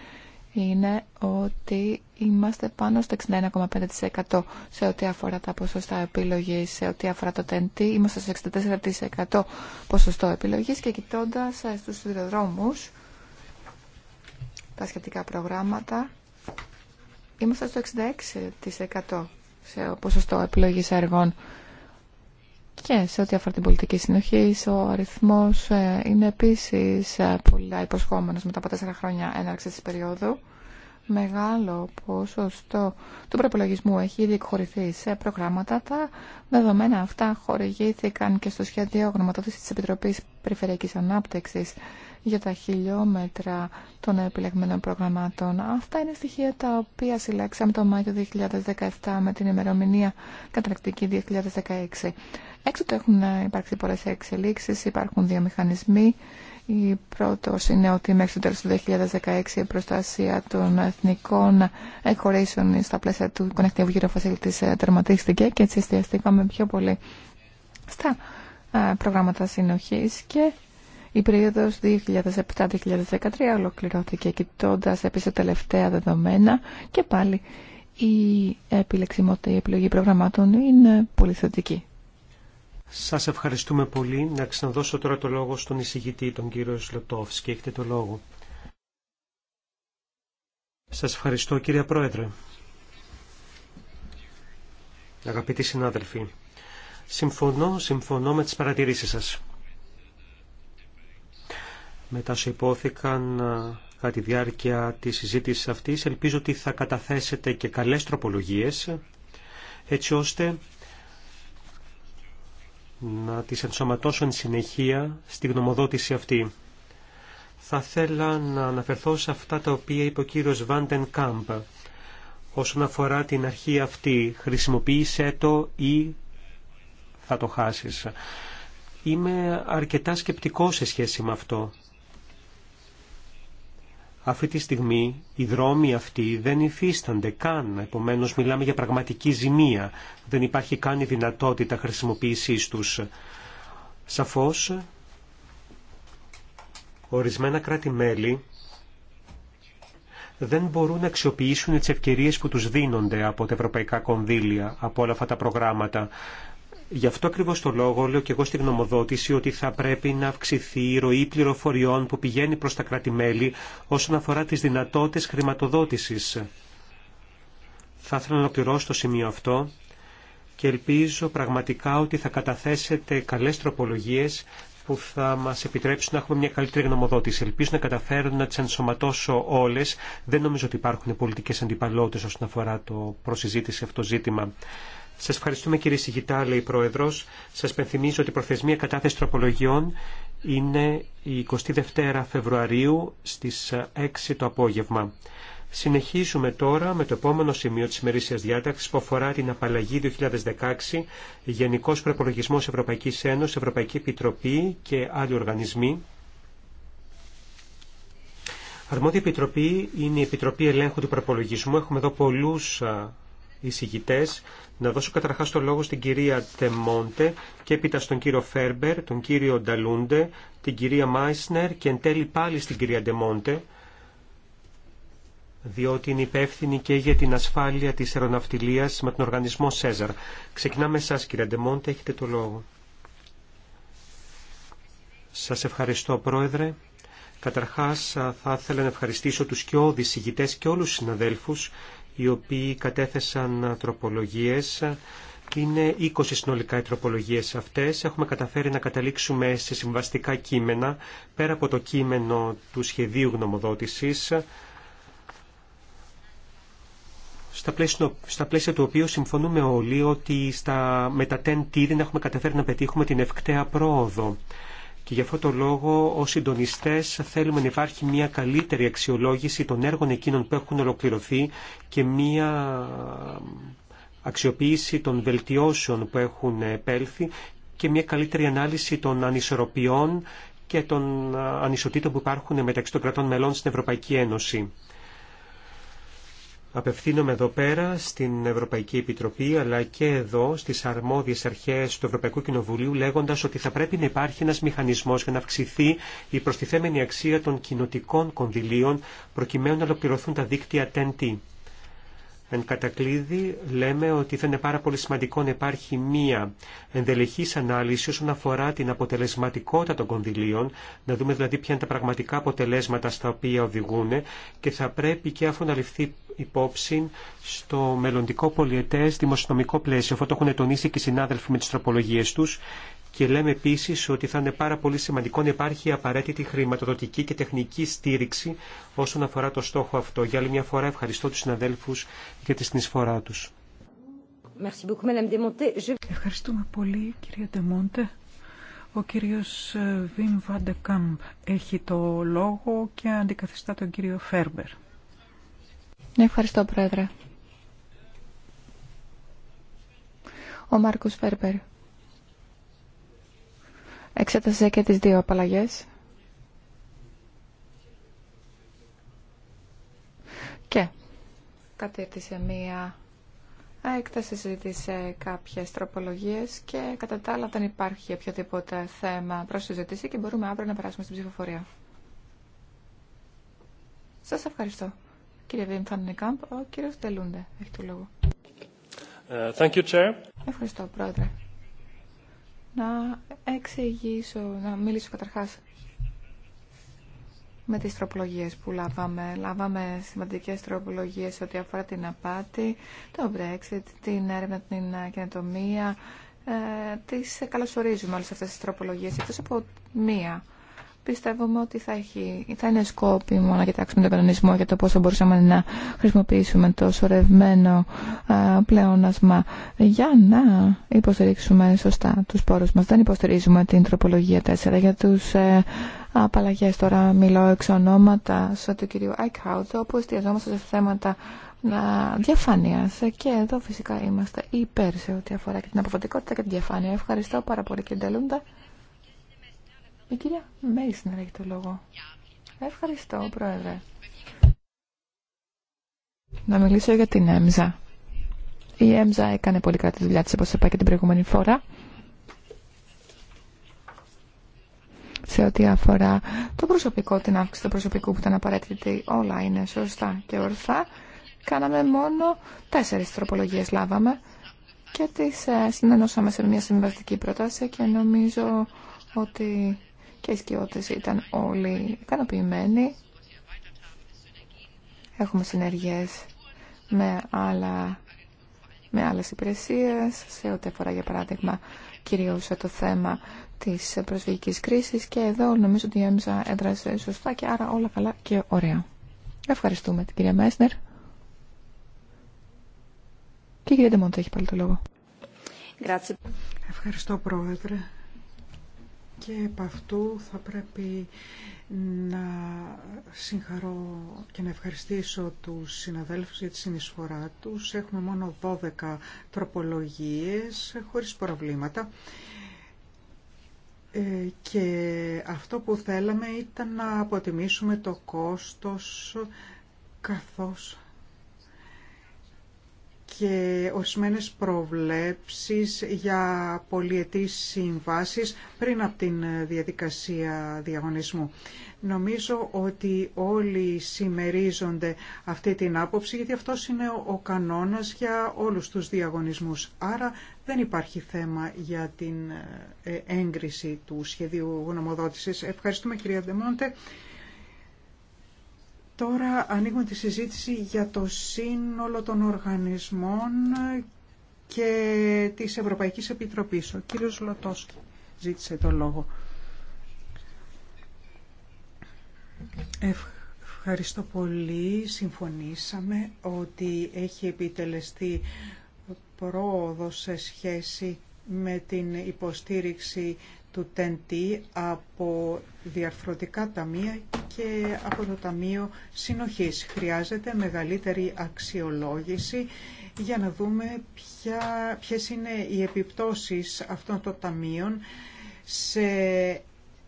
είναι ότι είμαστε πάνω στο 61,5% σε ό,τι αφορά τα ποσοστά επιλογής, σε ό,τι αφορά το TNT, είμαστε στο 64% ποσοστό επιλογής και κοιτώντας ε, στους σιδηροδρόμους τα σχετικά προγράμματα, είμαστε στο 66% σε ποσοστό επιλογής έργων. Και σε ό,τι αφορά την πολιτική συνοχή, ο αριθμός ε, είναι επίσης ε, πολύ υποσχόμενος μετά από τέσσερα χρόνια έναρξης της περίοδου. Μεγάλο ποσοστό του προπολογισμού έχει ήδη εκχωρηθεί σε προγράμματα. Τα δεδομένα αυτά χορηγήθηκαν και στο σχέδιο γνωματοδότηση τη Επιτροπή Περιφερειακή ανάπτυξη για τα χιλιόμετρα των επιλεγμένων προγραμμάτων. Αυτά είναι στοιχεία τα οποία συλλέξαμε το Μάιο 2017 με την ημερομηνία καταρακτική 2016. Έξω έχουν υπάρξει πολλές εξελίξεις, υπάρχουν δύο μηχανισμοί. Η πρώτος είναι ότι μέχρι το τέλος του 2016 η προστασία των εθνικών εχωρήσεων, στα πλαίσια του Connective Euro Facilities ε, τερματίστηκε και έτσι εστιαστήκαμε πιο πολύ στα ε, προγράμματα συνοχή και η περίοδος 2007-2013 ολοκληρώθηκε κοιτώντα επίσης τα τελευταία δεδομένα και πάλι η επιλεξιμότητα, η επιλογή προγραμμάτων είναι πολύ θετική. Σας ευχαριστούμε πολύ. Να ξαναδώσω τώρα το λόγο στον εισηγητή, τον κύριο Σλοτόφσκι. Έχετε το λόγο. Σας ευχαριστώ κύριε Πρόεδρε. Αγαπητοί συνάδελφοι, συμφωνώ, συμφωνώ με τις παρατηρήσεις σας μετά σου υπόθηκαν ε, κατά τη διάρκεια της συζήτησης αυτής. Ελπίζω ότι θα καταθέσετε και καλές τροπολογίες, έτσι ώστε να τις ενσωματώσω εν συνεχεία στη γνωμοδότηση αυτή. Θα θέλα να αναφερθώ σε αυτά τα οποία είπε ο κύριος Βάντεν Κάμπ. Όσον αφορά την αρχή αυτή, χρησιμοποίησέ το ή θα το χάσεις. Είμαι αρκετά σκεπτικός σε σχέση με αυτό. Αυτή τη στιγμή οι δρόμοι αυτοί δεν υφίστανται καν, επομένως μιλάμε για πραγματική ζημία. Δεν υπάρχει καν η δυνατότητα χρησιμοποίησής τους. Σαφώς, ορισμένα κράτη-μέλη δεν μπορούν να αξιοποιήσουν τις ευκαιρίες που τους δίνονται από τα ευρωπαϊκά κονδύλια, από όλα αυτά τα προγράμματα. Γι' αυτό ακριβώ το λόγο λέω και εγώ στη γνωμοδότηση ότι θα πρέπει να αυξηθεί η ροή πληροφοριών που πηγαίνει προ τα κράτη-μέλη όσον αφορά τι δυνατότητε χρηματοδότηση. Θα ήθελα να ολοκληρώσω το σημείο αυτό και ελπίζω πραγματικά ότι θα καταθέσετε καλέ τροπολογίε που θα μα επιτρέψουν να έχουμε μια καλύτερη γνωμοδότηση. Ελπίζω να καταφέρω να τι ενσωματώσω όλε. Δεν νομίζω ότι υπάρχουν πολιτικέ αντιπαλότητε όσον αφορά το προσυζήτηση αυτό ζήτημα. Σα ευχαριστούμε κύριε Σιγητά, λέει η Πρόεδρο. Σα πενθυμίζω ότι η προθεσμία κατάθεση τροπολογιών είναι η 22 Φεβρουαρίου στι 6 το απόγευμα. Συνεχίζουμε τώρα με το επόμενο σημείο της ημερήσιας διάταξης που αφορά την απαλλαγή 2016, Γενικός Προπολογισμός Ευρωπαϊκής Ένωσης, Ευρωπαϊκή Επιτροπή και άλλοι οργανισμοί. Αρμόδια Επιτροπή είναι η Επιτροπή Ελέγχου του Προπολογισμού. Έχουμε εδώ πολλούς εισηγητές. Να δώσω καταρχά το λόγο στην κυρία Τεμόντε και έπειτα στον κύριο Φέρμπερ, τον κύριο Νταλούντε, την κυρία Μάισνερ και εν τέλει πάλι στην κυρία Τεμόντε, διότι είναι υπεύθυνη και για την ασφάλεια της αεροναυτιλίας με τον οργανισμό ΣΕΖΑΡ. Ξεκινάμε εσάς κυρία Τεμόντε, έχετε το λόγο. Σας ευχαριστώ πρόεδρε. Καταρχάς θα ήθελα να ευχαριστήσω τους και όδης και όλους τους συναδέλφους οι οποίοι κατέθεσαν τροπολογίες. Είναι 20 συνολικά οι τροπολογίες αυτές. Έχουμε καταφέρει να καταλήξουμε σε συμβαστικά κείμενα, πέρα από το κείμενο του σχεδίου γνωμοδότησης, στα πλαίσια, στα του οποίου συμφωνούμε όλοι ότι στα, με τα TEN-T έχουμε καταφέρει να πετύχουμε την ευκταία πρόοδο. Και γι' αυτό το λόγο, ω συντονιστέ, θέλουμε να υπάρχει μια καλύτερη αξιολόγηση των έργων εκείνων που έχουν ολοκληρωθεί και μια αξιοποίηση των βελτιώσεων που έχουν επέλθει και μια καλύτερη ανάλυση των ανισορροπιών και των ανισοτήτων που υπάρχουν μεταξύ των κρατών μελών στην Ευρωπαϊκή Ένωση. Απευθύνομαι εδώ πέρα στην Ευρωπαϊκή Επιτροπή αλλά και εδώ στις αρμόδιες αρχές του Ευρωπαϊκού Κοινοβουλίου λέγοντας ότι θα πρέπει να υπάρχει ένας μηχανισμός για να αυξηθεί η προστιθέμενη αξία των κοινοτικών κονδυλίων προκειμένου να ολοκληρωθούν τα δίκτυα TEN-T. Εν κατακλείδη λέμε ότι θα είναι πάρα πολύ σημαντικό να υπάρχει μία ενδελεχής ανάλυση όσον αφορά την αποτελεσματικότητα των κονδυλίων, να δούμε δηλαδή ποια είναι τα πραγματικά αποτελέσματα στα οποία οδηγούν και θα πρέπει και αφού να ληφθεί υπόψη στο μελλοντικό πολιετές δημοσιονομικό πλαίσιο. Αυτό το έχουν τονίσει και οι συνάδελφοι με τις τροπολογίες τους και λέμε επίση ότι θα είναι πάρα πολύ σημαντικό να υπάρχει απαραίτητη χρηματοδοτική και τεχνική στήριξη όσον αφορά το στόχο αυτό. Για άλλη μια φορά ευχαριστώ τους συναδέλφους για τη συνεισφορά τους. Ευχαριστούμε πολύ κυρία Ντεμόντε. Ο κύριος ε, Βιμ Βαντεκάμπ έχει το λόγο και αντικαθιστά τον κύριο Φέρμπερ. Ευχαριστώ πρόεδρε. Ο Μάρκος Φέρμπερ εξέτασε και τις δύο απαλλαγές. Και κατήρτισε μία έκταση, συζήτησε κάποιες τροπολογίες και κατά τα άλλα δεν υπάρχει οποιοδήποτε θέμα προς συζήτηση και μπορούμε αύριο να περάσουμε στην ψηφοφορία. Σας ευχαριστώ. Κύριε Βίμφαν Νικάμπ, ο κύριος Τελούντε έχει το λόγο. Ε, thank you, Chair. Ευχαριστώ, Πρόεδρε να εξηγήσω, να μιλήσω καταρχάς με τις τροπολογίες που λάβαμε. Λάβαμε σημαντικές τροπολογίες ό,τι αφορά την απάτη, το Brexit, την έρευνα, την καινοτομία. Ε, τις καλωσορίζουμε όλες αυτές τις τροπολογίες, εκτός από μία πιστεύουμε ότι θα, έχει, θα είναι σκόπιμο να κοιτάξουμε τον κανονισμό για το πόσο μπορούσαμε να χρησιμοποιήσουμε το σωρευμένο πλεόνασμα για να υποστηρίξουμε σωστά τους πόρους μας. Δεν υποστηρίζουμε την τροπολογία 4 για τους ε, απαλλαγέ. Τώρα μιλώ εξ ονόματα του κυρίου Eichhout, όπου εστιαζόμαστε σε θέματα διαφάνεια. Και εδώ φυσικά είμαστε υπέρ σε ό,τι αφορά και την αποφατικότητα και την διαφάνεια. Ευχαριστώ πάρα πολύ, κύριε Ντελούντα. Η κυρία Μέισνερ έχει το λόγο. Ευχαριστώ, Πρόεδρε. Να μιλήσω για την ΕΜΖΑ. Η ΕΜΖΑ έκανε πολύ καλή δουλειά της, όπως είπα και την προηγούμενη φορά. σε ό,τι αφορά το προσωπικό, την αύξηση του προσωπικού που ήταν απαραίτητη, όλα είναι σωστά και ορθά. Κάναμε μόνο τέσσερις τροπολογίες λάβαμε και τις ε, συνενώσαμε σε μια συμβαστική πρόταση και νομίζω ότι και οι σκιώτες ήταν όλοι ικανοποιημένοι. Έχουμε συνεργές με, άλλα, με άλλες υπηρεσίες, σε ό,τι αφορά για παράδειγμα κυρίως το θέμα της προσφυγικής κρίσης και εδώ νομίζω ότι η ΕΜΖΑ έδρασε σωστά και άρα όλα καλά και ωραία. Ευχαριστούμε την κυρία Μέσνερ. Και η κυρία Ντεμόντα έχει πάλι το λόγο. Ευχαριστώ πρόεδρε και επ' αυτού θα πρέπει να συγχαρώ και να ευχαριστήσω τους συναδέλφους για τη συνεισφορά τους. Έχουμε μόνο 12 τροπολογίες χωρίς προβλήματα ε, και αυτό που θέλαμε ήταν να αποτιμήσουμε το κόστος καθώς και ορισμένες προβλέψεις για πολιετής συμβάσεις πριν από την διαδικασία διαγωνισμού. Νομίζω ότι όλοι συμμερίζονται αυτή την άποψη γιατί αυτός είναι ο κανόνας για όλους τους διαγωνισμούς. Άρα δεν υπάρχει θέμα για την ε, έγκριση του σχεδίου γνωμοδότησης. Ευχαριστούμε κυρία Ντεμόντε. Τώρα ανοίγουμε τη συζήτηση για το σύνολο των οργανισμών και της Ευρωπαϊκής Επιτροπής. Ο κύριος Λωτός ζήτησε το λόγο. Ευχαριστώ πολύ. Συμφωνήσαμε ότι έχει επιτελεστεί πρόοδο σε σχέση με την υποστήριξη του ΤΕΝΤΗ από διαρθρωτικά ταμεία και από το Ταμείο Συνοχής. Χρειάζεται μεγαλύτερη αξιολόγηση για να δούμε ποια, ποιες είναι οι επιπτώσεις αυτών των ταμείων σε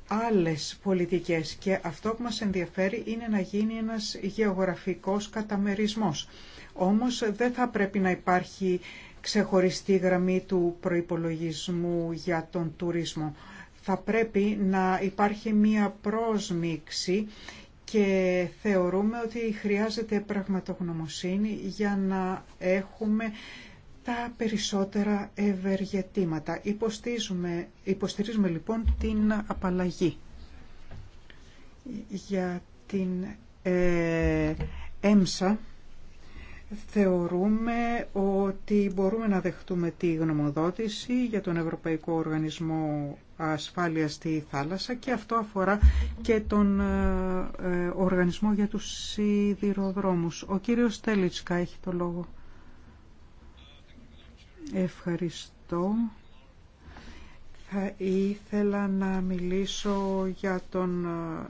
άλλες πολιτικές και αυτό που μας ενδιαφέρει είναι να γίνει ένας γεωγραφικός καταμερισμός. Όμως δεν θα πρέπει να υπάρχει ξεχωριστή γραμμή του προϋπολογισμού για τον τουρισμό θα πρέπει να υπάρχει μία πρόσμιξη και θεωρούμε ότι χρειάζεται πραγματογνωμοσύνη για να έχουμε τα περισσότερα ευεργετήματα. Υποστηρίζουμε, υποστηρίζουμε λοιπόν την απαλλαγή για την ε, έμσα Θεωρούμε ότι μπορούμε να δεχτούμε τη γνωμοδότηση για τον Ευρωπαϊκό Οργανισμό Ασφάλειας στη Θάλασσα και αυτό αφορά και τον ε, ε, Οργανισμό για τους Σιδηροδρόμους. Ο κύριος Τέλιτσκα έχει το λόγο. Ευχαριστώ. Θα ήθελα να μιλήσω για τον ε,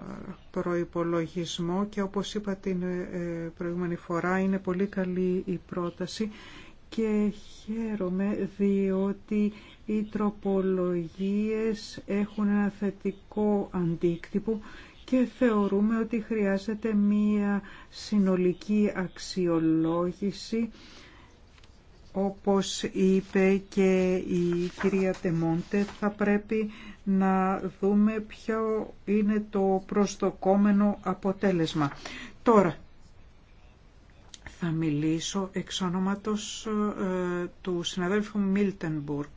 προϋπολογισμό και όπως είπα την ε, ε, προηγούμενη φορά είναι πολύ καλή η πρόταση και χαίρομαι διότι οι τροπολογίες έχουν ένα θετικό αντίκτυπο και θεωρούμε ότι χρειάζεται μία συνολική αξιολόγηση όπως είπε και η κυρία Τεμόντε, θα πρέπει να δούμε ποιο είναι το προσδοκόμενο αποτέλεσμα. Τώρα, θα μιλήσω εξ ονόματος ε, του συναδέλφου Μίλτενμπουργκ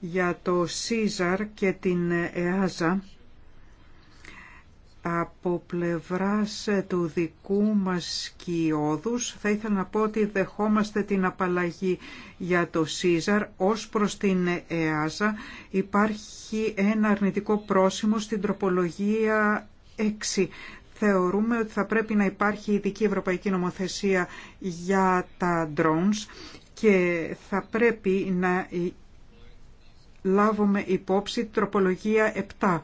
για το ΣΥΖΑΡ και την ΕΑΖΑ από πλευράς ε, του δικού μας κοιόδους θα ήθελα να πω ότι δεχόμαστε την απαλλαγή για το ΣΥΖΑΡ ως προς την ΕΑΖΑ υπάρχει ένα αρνητικό πρόσημο στην τροπολογία 6. Θεωρούμε ότι θα πρέπει να υπάρχει ειδική ευρωπαϊκή νομοθεσία για τα drones και θα πρέπει να ε, λάβουμε υπόψη τροπολογία 7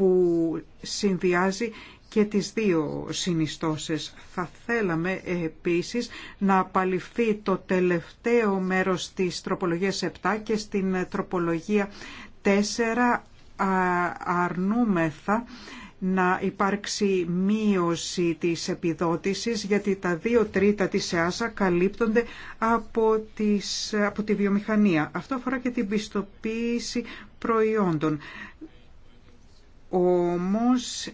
που συνδυάζει και τις δύο συνιστώσεις. Θα θέλαμε επίσης να απαλληφθεί το τελευταίο μέρος της τροπολογίας 7 και στην τροπολογία 4 αρνούμεθα να υπάρξει μείωση της επιδότησης γιατί τα δύο τρίτα της ΕΑΣΑ καλύπτονται από, τις, από τη βιομηχανία. Αυτό αφορά και την πιστοποίηση προϊόντων. Όμως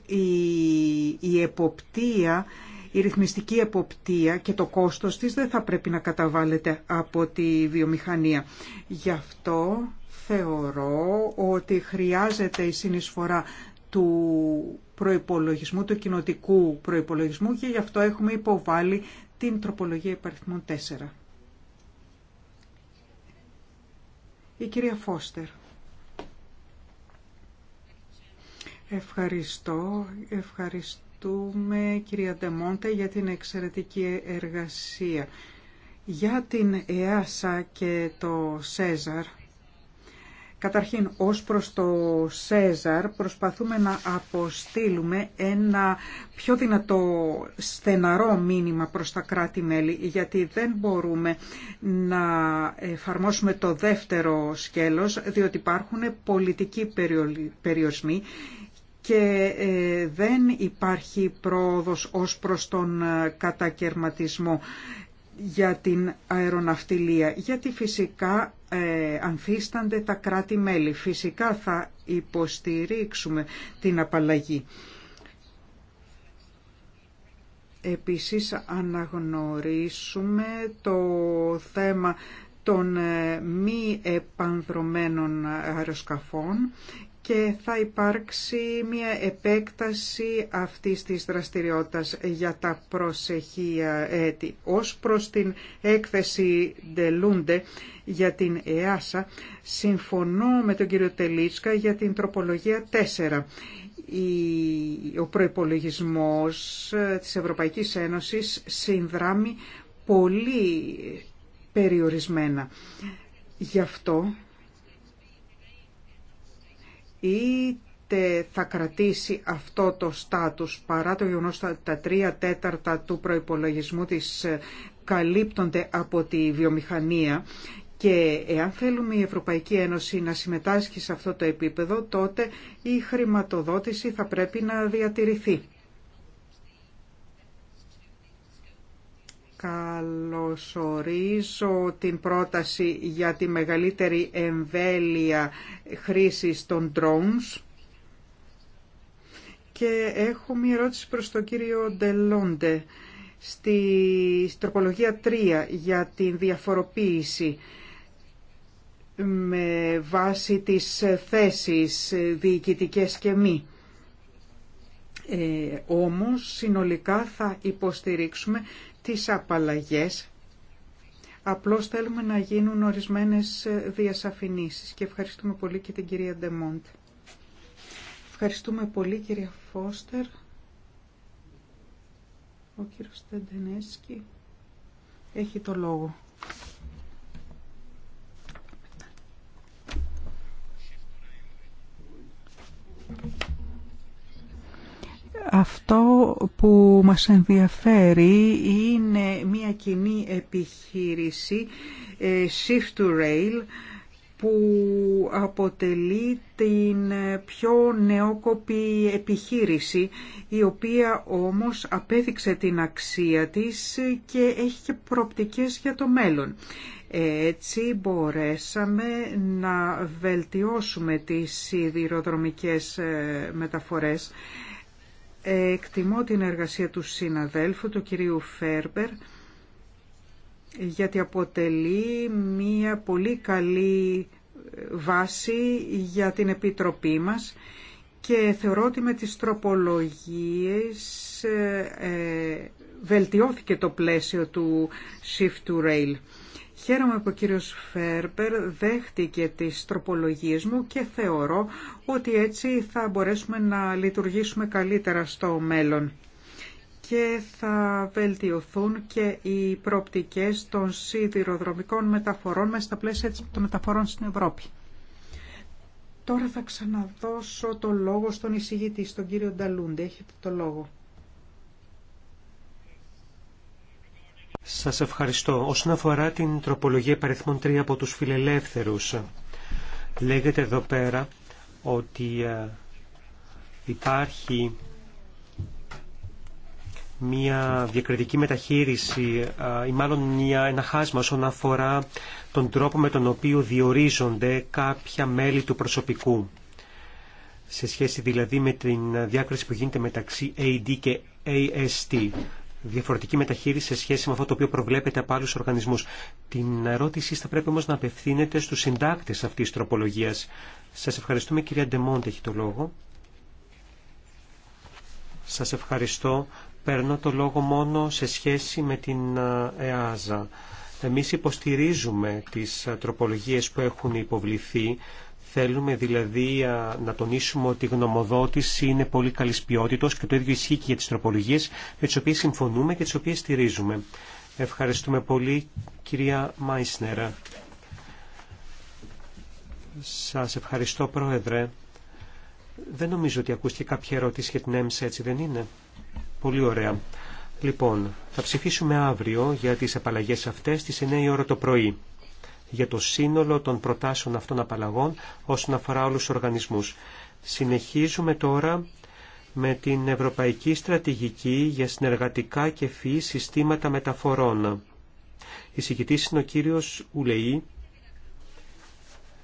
η, εποπτεία, η ρυθμιστική εποπτεία και το κόστος της δεν θα πρέπει να καταβάλλεται από τη βιομηχανία. Γι' αυτό θεωρώ ότι χρειάζεται η συνεισφορά του προϋπολογισμού, του κοινοτικού προϋπολογισμού και γι' αυτό έχουμε υποβάλει την τροπολογία υπαριθμών 4. Η κυρία Φώστερ. Ευχαριστώ. Ευχαριστούμε κυρία Ντεμόντε για την εξαιρετική εργασία. Για την ΕΑΣΑ και το ΣΕΖΑΡ, καταρχήν ως προς το ΣΕΖΑΡ προσπαθούμε να αποστείλουμε ένα πιο δυνατό στεναρό μήνυμα προς τα κράτη-μέλη γιατί δεν μπορούμε να εφαρμόσουμε το δεύτερο σκέλος διότι υπάρχουν πολιτικοί περιορισμοί και ε, δεν υπάρχει πρόοδος ως προς τον ε, κατακαιρματισμό για την αεροναυτιλία, γιατί φυσικά ε, ανθίστανται τα κράτη-μέλη. Φυσικά θα υποστηρίξουμε την απαλλαγή. Επίσης αναγνωρίσουμε το θέμα των ε, μη επανδρομένων αεροσκαφών και θα υπάρξει μια επέκταση αυτής της δραστηριότητας για τα προσεχεία έτη. Ως προς την έκθεση Ντελούντε για την ΕΑΣΑ, συμφωνώ με τον κύριο Τελίτσκα για την τροπολογία 4. Ο προϋπολογισμός της Ευρωπαϊκής Ένωσης συνδράμει πολύ περιορισμένα. Γι' αυτό είτε θα κρατήσει αυτό το στάτους παρά το γεγονός ότι τα τρία τέταρτα του προϋπολογισμού της ε, καλύπτονται από τη βιομηχανία και εάν θέλουμε η Ευρωπαϊκή Ένωση να συμμετάσχει σε αυτό το επίπεδο, τότε η χρηματοδότηση θα πρέπει να διατηρηθεί. Καλωσορίζω την πρόταση για τη μεγαλύτερη εμβέλεια χρήσης των drones και έχω μία ερώτηση προς τον κύριο Ντελόντε στη τροπολογία 3 για την διαφοροποίηση με βάση τις θέσεις διοικητικές και μη. Ε, όμως συνολικά θα υποστηρίξουμε τις απαλλαγές. Απλώς θέλουμε να γίνουν ορισμένες ε, διασαφηνίσεις και ευχαριστούμε πολύ και την κυρία Ντεμόντ. Ευχαριστούμε πολύ κυρία Φώστερ. Ο κύριος Τεντενέσκι έχει το λόγο. Αυτό που μας ενδιαφέρει είναι μια κοινή επιχείρηση ε, Shift to Rail που αποτελεί την πιο νεόκοπη επιχείρηση η οποία όμως απέδειξε την αξία της και έχει και προοπτικές για το μέλλον. Έτσι μπορέσαμε να βελτιώσουμε τις σιδηροδρομικές ε, μεταφορές εκτιμώ την εργασία του συναδέλφου, του κυρίου Φέρμπερ, γιατί αποτελεί μία πολύ καλή βάση για την Επιτροπή μας και θεωρώ ότι με τις τροπολογίες ε, βελτιώθηκε το πλαίσιο του Shift to Rail. Χαίρομαι που ο κύριος Φέρπερ δέχτηκε τις τροπολογίες μου και θεωρώ ότι έτσι θα μπορέσουμε να λειτουργήσουμε καλύτερα στο μέλλον και θα βελτιωθούν και οι προοπτικές των σιδηροδρομικών μεταφορών μέσα στα πλαίσια των μεταφορών στην Ευρώπη. Τώρα θα ξαναδώσω το λόγο στον εισηγητή, στον κύριο Νταλούντε. Έχετε το λόγο. Σας ευχαριστώ. Όσον αφορά την τροπολογία παριθμών 3 από τους φιλελεύθερους, λέγεται εδώ πέρα ότι ε, υπάρχει μια διακριτική μεταχείριση ε, ή μάλλον μια, ένα χάσμα όσον αφορά τον τρόπο με τον οποίο διορίζονται κάποια μέλη του προσωπικού. Σε σχέση δηλαδή με την διάκριση που γίνεται μεταξύ AD και AST διαφορετική μεταχείριση σε σχέση με αυτό το οποίο προβλέπεται από άλλου οργανισμού. Την ερώτησή θα πρέπει όμω να απευθύνεται στου συντάκτε αυτή τη τροπολογία. Σα ευχαριστούμε, κυρία Ντεμόντ, έχει το λόγο. Σα ευχαριστώ. Παίρνω το λόγο μόνο σε σχέση με την ε, ΕΑΖΑ. Εμείς υποστηρίζουμε τις ε, τροπολογίες που έχουν υποβληθεί Θέλουμε δηλαδή να τονίσουμε ότι η γνωμοδότηση είναι πολύ καλή ποιότητα και το ίδιο ισχύει και για τι τροπολογίε με τι οποίε συμφωνούμε και τι οποίε στηρίζουμε. Ευχαριστούμε πολύ, κυρία Μάισνερα. Σας ευχαριστώ, Πρόεδρε. Δεν νομίζω ότι ακούστηκε κάποια ερώτηση για την ΕΜΣΑ, έτσι δεν είναι. Πολύ ωραία. Λοιπόν, θα ψηφίσουμε αύριο για τις απαλλαγές αυτές στις 9 ώρα το πρωί για το σύνολο των προτάσεων αυτών απαλλαγών όσον αφορά όλους τους οργανισμούς. Συνεχίζουμε τώρα με την Ευρωπαϊκή Στρατηγική για Συνεργατικά και Φυή Συστήματα Μεταφορών. Η συγκητής είναι ο κύριος Ουλεή.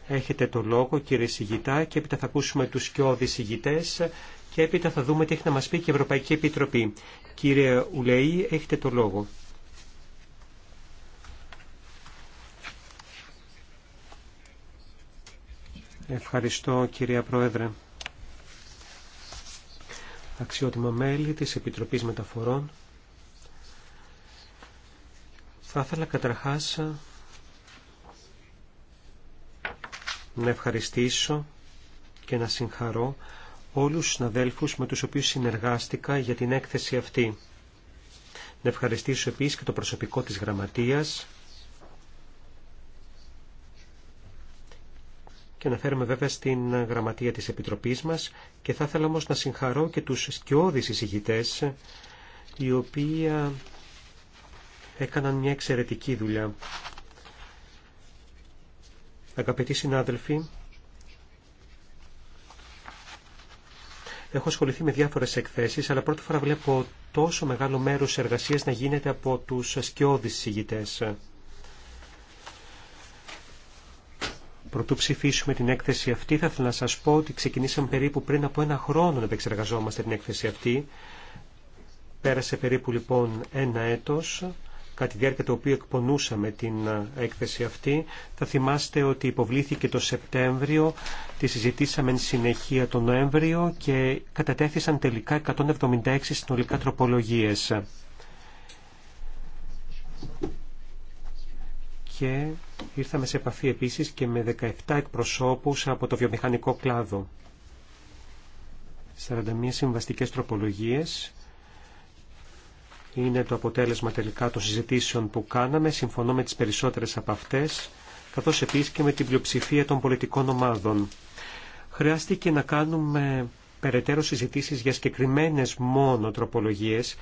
Έχετε το λόγο κύριε Σιγητά και έπειτα θα ακούσουμε τους σκιώδη συγκητές και έπειτα θα δούμε τι έχει να μας πει και η Ευρωπαϊκή Επιτροπή. Κύριε Ουλεή, έχετε το λόγο. Ευχαριστώ κυρία Πρόεδρε. Αξιότιμα μέλη της Επιτροπής Μεταφορών. Θα ήθελα καταρχάς να ευχαριστήσω και να συγχαρώ όλους τους συναδέλφους με τους οποίους συνεργάστηκα για την έκθεση αυτή. Να ευχαριστήσω επίσης και το προσωπικό της Γραμματείας και αναφέρομαι βέβαια στην γραμματεία της Επιτροπής μας και θα ήθελα όμως να συγχαρώ και τους σκιώδεις εισηγητές οι οποίοι έκαναν μια εξαιρετική δουλειά. Αγαπητοί συνάδελφοι, Έχω ασχοληθεί με διάφορε εκθέσει, αλλά πρώτη φορά βλέπω τόσο μεγάλο μέρο εργασία να γίνεται από του σκιώδει συγητέ. Προτού ψηφίσουμε την έκθεση αυτή, θα ήθελα να σας πω ότι ξεκινήσαμε περίπου πριν από ένα χρόνο να επεξεργαζόμαστε την έκθεση αυτή. Πέρασε περίπου λοιπόν ένα έτος, κατά τη διάρκεια του οποίου εκπονούσαμε την ε, έκθεση αυτή. Θα θυμάστε ότι υποβλήθηκε το Σεπτέμβριο, τη συζητήσαμε εν συνεχεία τον Νοέμβριο και κατατέθησαν τελικά 176 συνολικά τροπολογίες και ήρθαμε σε επαφή επίσης και με 17 εκπροσώπους από το βιομηχανικό κλάδο. 41 συμβαστικές τροπολογίες είναι το αποτέλεσμα τελικά των συζητήσεων που κάναμε. Συμφωνώ με τις περισσότερες από αυτές, καθώς επίσης και με την πλειοψηφία των πολιτικών ομάδων. Χρειάστηκε να κάνουμε περαιτέρω συζητήσεις για συγκεκριμένε μόνο τροπολογίες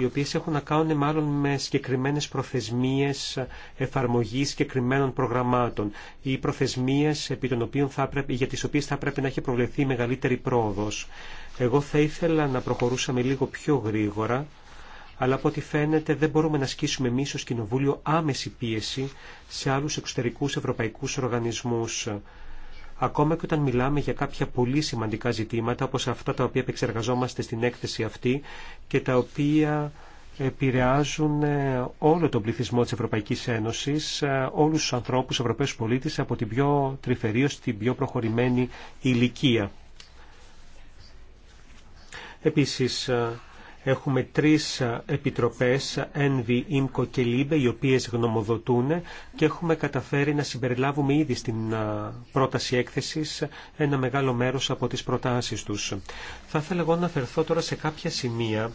οι οποίες έχουν να κάνουν μάλλον με συγκεκριμένες προθεσμίες εφαρμογής συγκεκριμένων προγραμμάτων ή προθεσμίες οποίων θα για τις οποίες θα πρέπει να έχει προβλεφθεί μεγαλύτερη πρόοδος. Εγώ θα ήθελα να προχωρούσαμε λίγο πιο γρήγορα, αλλά από ό,τι φαίνεται δεν μπορούμε να ασκήσουμε εμεί ως Κοινοβούλιο άμεση πίεση σε άλλους εξωτερικούς ευρωπαϊκούς οργανισμούς. Ακόμα και όταν μιλάμε για κάποια πολύ σημαντικά ζητήματα, όπως αυτά τα οποία επεξεργαζόμαστε στην έκθεση αυτή και τα οποία επηρεάζουν ε, όλο τον πληθυσμό της Ευρωπαϊκής Ένωσης, ε, όλους τους ανθρώπους, Ευρωπαίους πολίτες, από την πιο τρυφερή ως την πιο προχωρημένη ηλικία. Επίσης, ε, Έχουμε τρεις ε, επιτροπές, ENVI, IMCO και ΛΥΜΠΕ, οι οποίες γνωμοδοτούν και έχουμε καταφέρει να συμπεριλάβουμε ήδη στην ε, πρόταση έκθεσης ένα μεγάλο μέρος από τις προτάσεις τους. Θα ήθελα εγώ να αφαιρθώ τώρα σε κάποια σημεία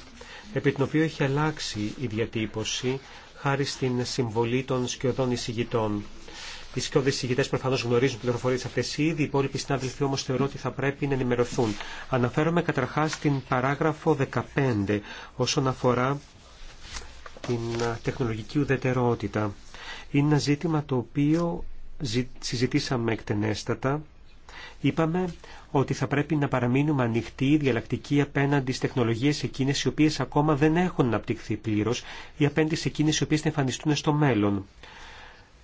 επί την οποία έχει αλλάξει η διατύπωση χάρη στην συμβολή των σκιωδών εισηγητών. Οι σκιώδε ηγητέ προφανώ γνωρίζουν πληροφορίε αυτέ ήδη, οι υπόλοιποι συνάδελφοι όμω θεωρώ ότι θα πρέπει να ενημερωθούν. Αναφέρομαι καταρχά στην παράγραφο 15 όσον αφορά την τεχνολογική ουδετερότητα. Είναι ένα ζήτημα το οποίο συζητήσαμε εκτενέστατα. Είπαμε ότι θα πρέπει να παραμείνουμε ανοιχτοί, διαλλακτικοί απέναντι στι τεχνολογίε εκείνε οι οποίε ακόμα δεν έχουν αναπτυχθεί πλήρω ή απέναντι σε εκείνε οι οποίε θα εμφανιστούν στο μέλλον.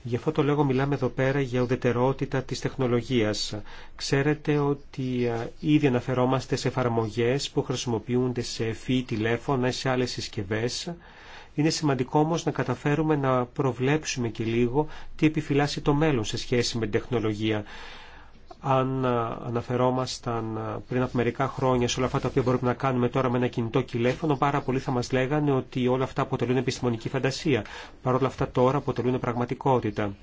Γι' αυτό το λόγο μιλάμε εδώ πέρα για ουδετερότητα της τεχνολογίας. Ξέρετε ότι ήδη αναφερόμαστε σε εφαρμογές που χρησιμοποιούνται σε εφή τηλέφωνα ή σε άλλες συσκευές. Είναι σημαντικό όμως να καταφέρουμε να προβλέψουμε και λίγο τι επιφυλάσσει το μέλλον σε σχέση με την τεχνολογία αν ε, αναφερόμασταν ε, πριν από μερικά χρόνια σε όλα αυτά τα οποία μπορούμε να κάνουμε τώρα με ένα κινητό τηλέφωνο, πάρα πολλοί θα μας λέγανε ότι όλα αυτά αποτελούν επιστημονική φαντασία. Παρ' όλα αυτά τώρα αποτελούν πραγματικότητα.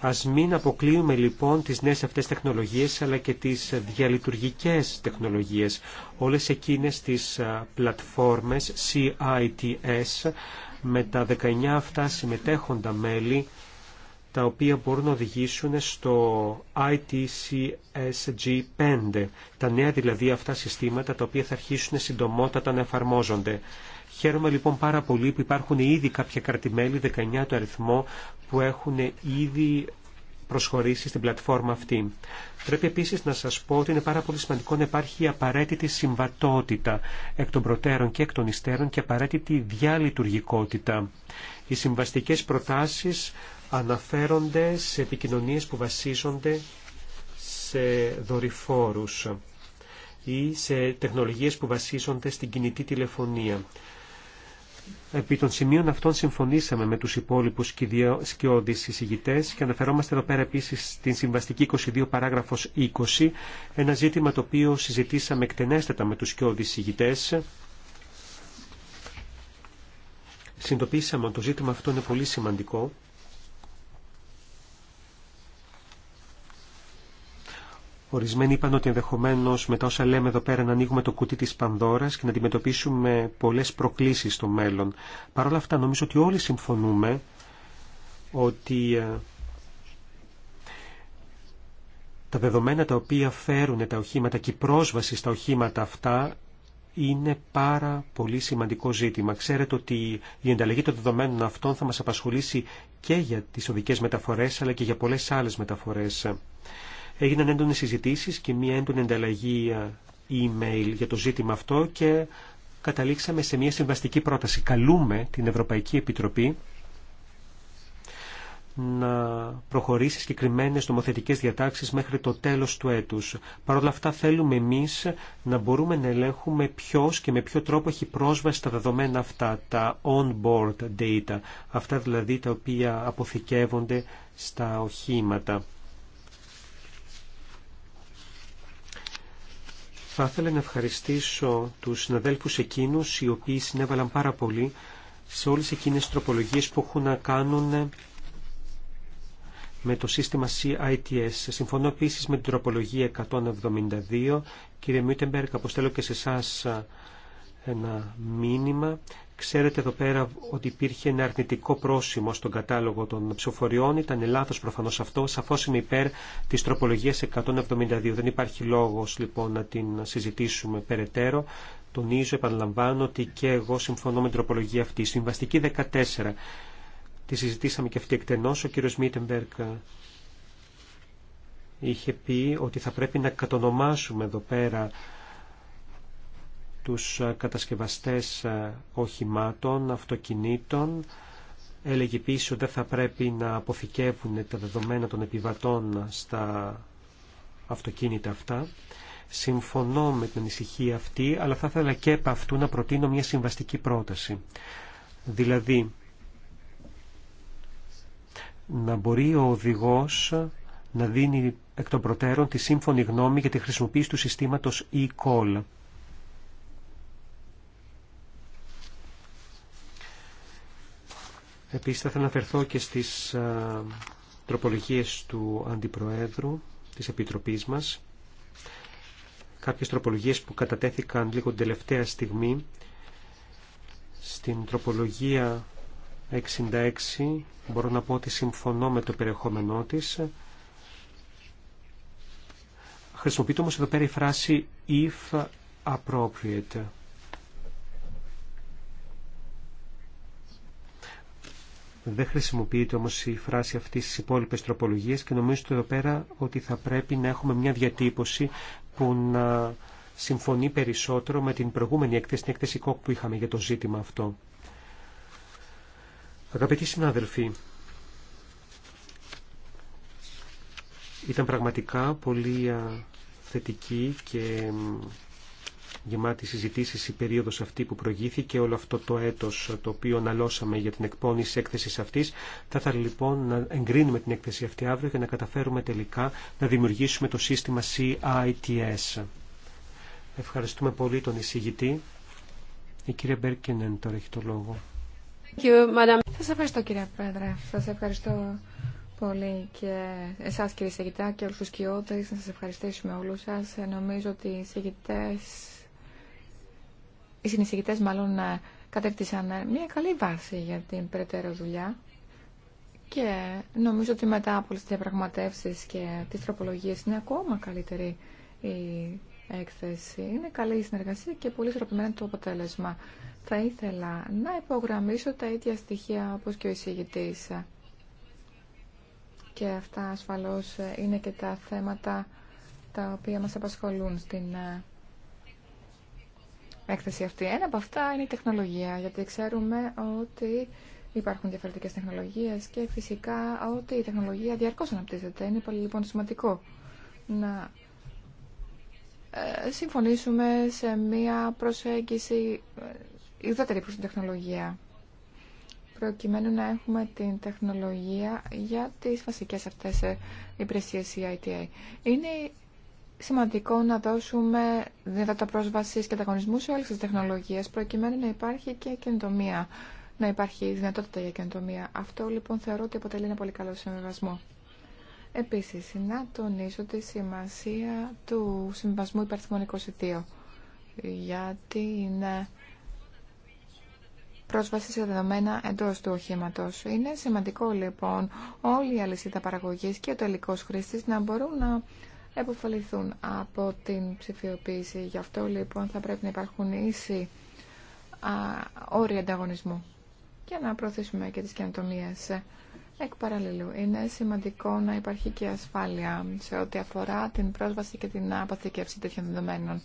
Ας μην αποκλείουμε λοιπόν τις νέε αυτές τεχνολογίες αλλά και τις διαλειτουργικές τεχνολογίε, όλε εκείνε τι ε, πλατφόρμες CITS με τα 19 αυτά συμμετέχοντα μέλη τα οποία μπορούν να οδηγήσουν στο ITCSG5, τα νέα δηλαδή αυτά συστήματα τα οποία θα αρχίσουν συντομότατα να εφαρμόζονται. Χαίρομαι λοιπόν πάρα πολύ που υπάρχουν ήδη κάποια κρατημέλη, 19 το αριθμό, που έχουν ήδη προσχωρήσει στην πλατφόρμα αυτή. Πρέπει επίσης να σας πω ότι είναι πάρα πολύ σημαντικό να υπάρχει η απαραίτητη συμβατότητα εκ των προτέρων και εκ των υστέρων και απαραίτητη διαλειτουργικότητα. Οι συμβαστικές προτάσεις αναφέρονται σε επικοινωνίες που βασίζονται σε δορυφόρους ή σε τεχνολογίες που βασίζονται στην κινητή τηλεφωνία. Επί των σημείων αυτών συμφωνήσαμε με τους υπόλοιπους σκιώδεις εισηγητές και αναφερόμαστε εδώ πέρα επίσης στην Συμβαστική 22 παράγραφος 20, ένα ζήτημα το οποίο συζητήσαμε εκτενέστατα με τους σκιώδεις εισηγητές. Συντοπίσαμε ότι το ζήτημα αυτό είναι πολύ σημαντικό Ορισμένοι είπαν ότι ενδεχομένω μετά όσα λέμε εδώ πέρα να ανοίγουμε το κουτί τη Πανδώρα και να αντιμετωπίσουμε πολλέ προκλήσει στο μέλλον. Παρ' όλα αυτά, νομίζω ότι όλοι συμφωνούμε ότι ε, τα δεδομένα τα οποία φέρουν τα οχήματα και η πρόσβαση στα οχήματα αυτά είναι πάρα πολύ σημαντικό ζήτημα. Ξέρετε ότι η ενταλλαγή των δεδομένων αυτών θα μας απασχολήσει και για τις οδικές μεταφορές αλλά και για πολλές άλλες μεταφορές. Έγιναν έντονες συζητήσεις και μια έντονη ανταλλαγή email για το ζήτημα αυτό και καταλήξαμε σε μια συμβαστική πρόταση. Καλούμε την Ευρωπαϊκή Επιτροπή να προχωρήσει συγκεκριμένε νομοθετικέ διατάξει μέχρι το τέλο του έτου. Παρ' όλα αυτά, θέλουμε εμεί να μπορούμε να ελέγχουμε ποιο και με ποιο τρόπο έχει πρόσβαση στα δεδομένα αυτά, τα on-board data, αυτά δηλαδή τα οποία αποθηκεύονται στα οχήματα. Θα ήθελα να ευχαριστήσω τους συναδέλφους εκείνους οι οποίοι συνέβαλαν πάρα πολύ σε όλες εκείνες τις τροπολογίες που έχουν να κάνουν με το σύστημα CITS. Συμφωνώ επίση με την τροπολογία 172. Κύριε Μιούτεμπερκ, αποστέλω και σε εσά ένα μήνυμα Ξέρετε εδώ πέρα ότι υπήρχε ένα αρνητικό πρόσημο στον κατάλογο των ψηφοφοριών. Ήταν λάθος προφανώ αυτό. Σαφώς είμαι υπέρ της τροπολογίας 172. Δεν υπάρχει λόγο λοιπόν να την συζητήσουμε περαιτέρω. Τονίζω, επαναλαμβάνω ότι και εγώ συμφωνώ με την τροπολογία αυτή. Συμβαστική 14. Τη συζητήσαμε και αυτή εκτενώ. Ο κύριο Μίτεμπερκ είχε πει ότι θα πρέπει να κατονομάσουμε εδώ πέρα τους ε, κατασκευαστές ε, οχημάτων, αυτοκινήτων. Έλεγε επίσης ότι δεν θα πρέπει να αποθηκεύουν τα δεδομένα των επιβατών στα αυτοκίνητα αυτά. Συμφωνώ με την ανησυχία αυτή, αλλά θα ήθελα και από αυτού να προτείνω μια συμβαστική πρόταση. Δηλαδή, να μπορεί ο οδηγός να δίνει εκ των προτέρων τη σύμφωνη γνώμη για τη χρησιμοποίηση του συστήματος e-call. Επίσης θα ήθελα να αναφερθώ και στις α, τροπολογίες του Αντιπροέδρου της Επιτροπής μας. Κάποιες τροπολογίες που κατατέθηκαν λίγο την τελευταία στιγμή στην τροπολογία 66 μπορώ να πω ότι συμφωνώ με το περιεχόμενό της. Χρησιμοποιείται όμως εδώ πέρα η φράση if appropriate. Δεν χρησιμοποιείται όμως η φράση αυτή στις υπόλοιπες τροπολογίες και νομίζω εδώ πέρα ότι θα πρέπει να έχουμε μια διατύπωση που να συμφωνεί περισσότερο με την προηγούμενη έκθεση, την έκθεση που είχαμε για το ζήτημα αυτό. Αγαπητοί συνάδελφοι, ήταν πραγματικά πολύ θετική και γεμάτη συζητήσει η περίοδο αυτή που προηγήθηκε, όλο αυτό το έτος το οποίο αναλώσαμε για την εκπόνηση έκθεση αυτή. Θα ήθελα λοιπόν να εγκρίνουμε την έκθεση αυτή αύριο για να καταφέρουμε τελικά να δημιουργήσουμε το σύστημα CITS. Ευχαριστούμε πολύ τον εισηγητή. Η κυρία Μπέρκινεν τώρα έχει το λόγο. Σα ευχαριστώ κυρία Πρόεδρε. σα ευχαριστώ πολύ και εσάς κύριε Σεγητά και όλους τους κοιότες. Να σας ευχαριστήσουμε όλους σας. Ε, νομίζω ότι οι Σεγητές οι συνεισηγητές μάλλον ε, κατέκτησαν ε, μια καλή βάση για την περαιτέρω δουλειά και νομίζω ότι μετά από τις διαπραγματεύσεις και τις τροπολογίες είναι ακόμα καλύτερη η έκθεση. Είναι καλή η συνεργασία και πολύ ισορροπημένο το αποτέλεσμα. Θα ήθελα να υπογραμμίσω τα ίδια στοιχεία όπως και ο εισηγητής. Και αυτά ασφαλώς ε, είναι και τα θέματα τα οποία μας απασχολούν στην έκθεση αυτή. Ένα από αυτά είναι η τεχνολογία, γιατί ξέρουμε ότι υπάρχουν διαφορετικές τεχνολογίες και φυσικά ότι η τεχνολογία διαρκώς αναπτύσσεται. Είναι πολύ λοιπόν σημαντικό να ε, συμφωνήσουμε σε μία προσέγγιση ιδιαίτερη ε, προς την τεχνολογία προκειμένου να έχουμε την τεχνολογία για τις βασικές αυτές ε, υπηρεσίες η ITA. Είναι σημαντικό να δώσουμε δυνατότητα πρόσβαση και ανταγωνισμού σε όλε τι τεχνολογίε, προκειμένου να υπάρχει και καινοτομία. Να υπάρχει δυνατότητα για καινοτομία. Αυτό λοιπόν θεωρώ ότι αποτελεί ένα πολύ καλό συμβιβασμό. Επίση, να τονίσω τη σημασία του συμβιβασμού υπερθυμών 22 γιατί είναι πρόσβαση σε δεδομένα εντό του οχήματο. Είναι σημαντικό λοιπόν όλη η αλυσίδα παραγωγή και ο τελικό χρήστη να μπορούν να επωφεληθούν από την ψηφιοποίηση. Γι' αυτό λοιπόν θα πρέπει να υπάρχουν ίσοι α, όροι ανταγωνισμού και να προωθήσουμε και τις καινοτομίες. Εκ παραλληλού, είναι σημαντικό να υπάρχει και ασφάλεια σε ό,τι αφορά την πρόσβαση και την αποθηκεύση τέτοιων δεδομένων.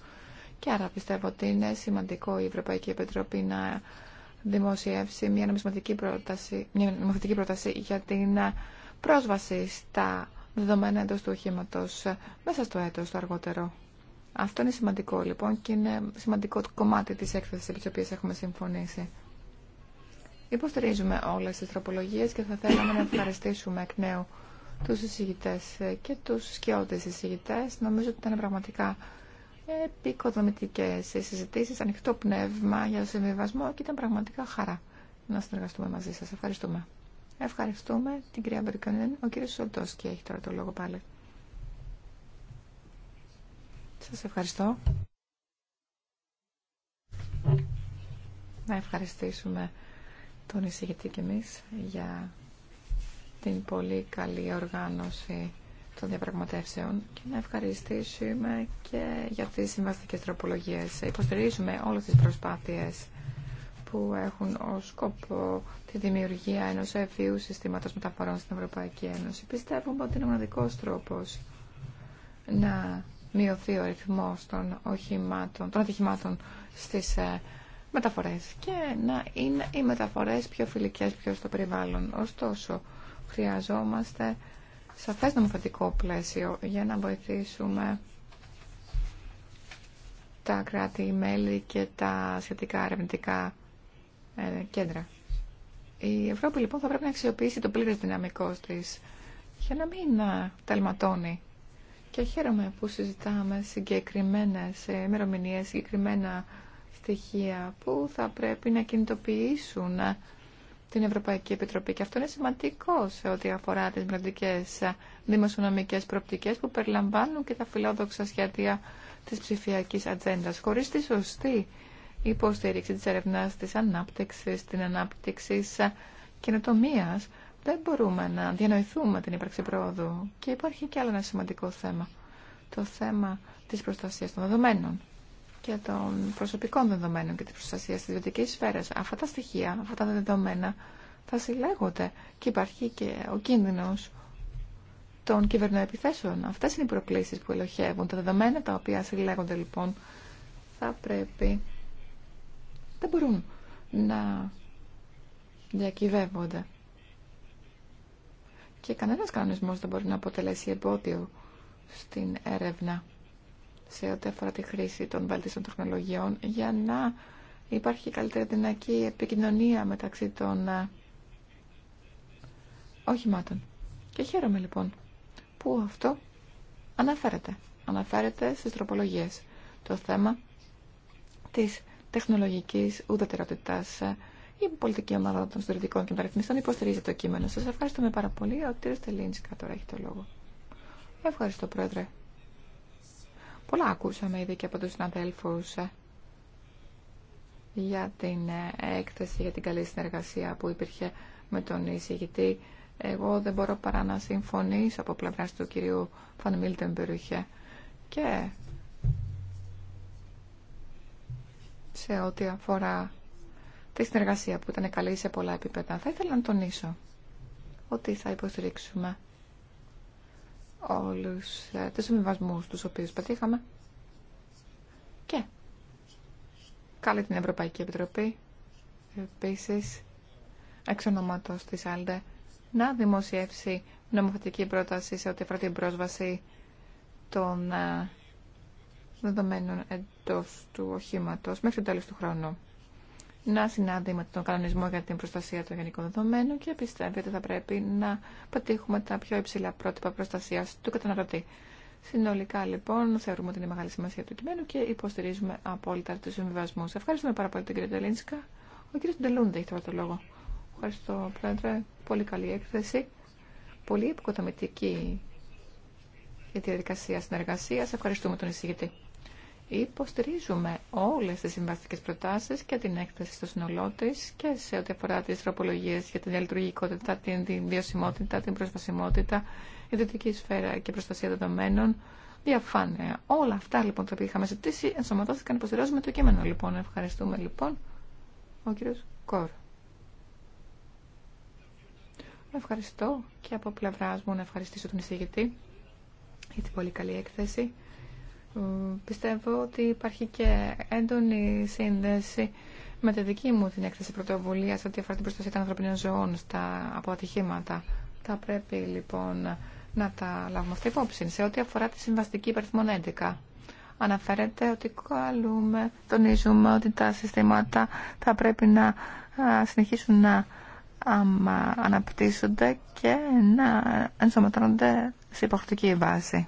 Και άρα πιστεύω ότι είναι σημαντικό η Ευρωπαϊκή Επιτροπή να δημοσιεύσει μια νομισματική πρόταση, μια νομοθετική πρόταση για την πρόσβαση στα δεδομένα εντό του οχήματο ε, μέσα στο έτο το αργότερο. Αυτό είναι σημαντικό λοιπόν και είναι σημαντικό το κομμάτι τη έκθεση επί τη οποία έχουμε συμφωνήσει. Υποστηρίζουμε όλε τι τροπολογίε και θα θέλαμε να ευχαριστήσουμε εκ νέου του συζητητέ ε, και του σκιώτε συζητητέ. Νομίζω ότι ήταν πραγματικά επικοδομητικέ οι συζητήσει, ανοιχτό πνεύμα για το συμβιβασμό και ήταν πραγματικά χαρά να συνεργαστούμε μαζί σα. Ευχαριστούμε. Ευχαριστούμε την κυρία Μπερκανέν. Ο κύριος Σοντόσκι έχει τώρα το λόγο πάλι. Σας ευχαριστώ. Να ευχαριστήσουμε τον εισηγητή και εμείς για την πολύ καλή οργάνωση των διαπραγματεύσεων και να ευχαριστήσουμε και για τις συμβαστικές τροπολογίες. Υποστηρίζουμε όλες τις προσπάθειες που έχουν ως σκοπό τη δημιουργία ενός ευφυού συστήματος μεταφορών στην Ευρωπαϊκή Ένωση. Πιστεύουμε ότι είναι ο μοναδικός τρόπος να μειωθεί ο ρυθμός των, οχημάτων, των ατυχημάτων στις ε, μεταφορές και να είναι οι μεταφορές πιο φιλικές πιο στο περιβάλλον. Ωστόσο, χρειαζόμαστε σαφές νομοθετικό πλαίσιο για να βοηθήσουμε τα κράτη-μέλη και τα σχετικά ερευνητικά ε, κέντρα. Η Ευρώπη λοιπόν θα πρέπει να αξιοποιήσει το πλήρες δυναμικό της για να μην ταλματώνει. Και χαίρομαι που συζητάμε συγκεκριμένες ημερομηνίε, συγκεκριμένα στοιχεία που θα πρέπει να κινητοποιήσουν την Ευρωπαϊκή Επιτροπή. Και αυτό είναι σημαντικό σε ό,τι αφορά τις μελλοντικές δημοσιονομικές προοπτικές που περιλαμβάνουν και τα φιλόδοξα σχέδια της ψηφιακής ατζέντα. Χωρίς τη σωστή υποστήριξη της έρευνας, της ανάπτυξης, την ανάπτυξη καινοτομία. Δεν μπορούμε να διανοηθούμε την ύπαρξη πρόοδου. Και υπάρχει και άλλο ένα σημαντικό θέμα. Το θέμα της προστασίας των δεδομένων και των προσωπικών δεδομένων και της προστασίας της ιδιωτικής σφαίρας. Αυτά τα στοιχεία, αυτά τα δεδομένα θα συλλέγονται και υπάρχει και ο κίνδυνος των κυβερνοεπιθέσεων. Αυτές είναι οι προκλήσεις που ελοχεύουν. Τα δεδομένα τα οποία συλλέγονται λοιπόν θα πρέπει δεν μπορούν να διακυβεύονται. Και κανένας κανονισμός δεν μπορεί να αποτελέσει εμπόδιο στην έρευνα σε ό,τι αφορά τη χρήση των βαλτίστων τεχνολογιών για να υπάρχει καλύτερη δυνατή επικοινωνία μεταξύ των ε, οχημάτων. Και χαίρομαι λοιπόν που αυτό αναφέρεται. Αναφέρεται στις τροπολογίες το θέμα της τεχνολογική ουδετερότητα. Η πολιτική ομάδα των συντηρητικών και μεταρρυθμιστών υποστηρίζει το κείμενο. Σα ευχαριστούμε πάρα πολύ. Ο κ. Τελίντσικα τώρα έχει το λόγο. Ευχαριστώ, Πρόεδρε. Πολλά ακούσαμε ήδη και από του συναδέλφου ε, για την ε, έκθεση, για την καλή συνεργασία που υπήρχε με τον εισηγητή. Εγώ δεν μπορώ παρά να συμφωνήσω από πλευρά του κυρίου Φαν και σε ό,τι αφορά τη συνεργασία που ήταν καλή σε πολλά επίπεδα. Θα ήθελα να τονίσω ότι θα υποστηρίξουμε όλους ε, τους συμβιβασμούς τους οποίους πετύχαμε και καλεί την Ευρωπαϊκή Επιτροπή επίσης εξ ονόματος της ΑΛΔΕ να δημοσιεύσει νομοθετική πρόταση σε ό,τι αφορά την πρόσβαση των ε, δεδομένων εντό του οχήματο μέχρι το τέλο του χρόνου. Να συνάδει με τον κανονισμό για την προστασία των γενικών δεδομένων και πιστεύει ότι θα πρέπει να πετύχουμε τα πιο υψηλά πρότυπα προστασία του καταναλωτή. Συνολικά λοιπόν θεωρούμε ότι είναι μεγάλη σημασία του κειμένου και υποστηρίζουμε απόλυτα του συμβιβασμού. Ευχαριστούμε πάρα πολύ τον κύριο Τελίνσκα. Ο κύριο Τελούντα έχει τώρα το λόγο. Ευχαριστώ πρόεδρε. Πολύ καλή έκθεση. Πολύ υποκοτομητική η διαδικασία συνεργασία. Ευχαριστούμε τον εισηγητή. Υποστηρίζουμε όλες τις συμβαστικές προτάσεις και την έκθεση στο σύνολό τη και σε ό,τι αφορά τις τροπολογίες για την διαλειτουργικότητα, την βιωσιμότητα, την προσβασιμότητα, ιδιωτική σφαίρα και προστασία δεδομένων, διαφάνεια. Όλα αυτά λοιπόν τα οποία είχαμε ζητήσει ενσωματώθηκαν και υποστηρίζουμε το κείμενο λοιπόν. Ευχαριστούμε λοιπόν ο κύριος Κόρ. Ευχαριστώ και από πλευρά μου να ευχαριστήσω τον εισηγητή για την πολύ καλή έκθεση. Πιστεύω ότι υπάρχει και έντονη σύνδεση με τη δική μου την έκθεση πρωτοβουλία ό,τι αφορά την προστασία των ανθρωπίνων ζωών στα, από ατυχήματα. Θα πρέπει λοιπόν να τα λάβουμε αυτή υπόψη. Σε ό,τι αφορά τη συμβαστική υπερθυμών 11, αναφέρεται ότι καλούμε, τονίζουμε ότι τα συστήματα θα πρέπει να συνεχίσουν να αναπτύσσονται και να ενσωματώνονται σε υποχρεωτική βάση.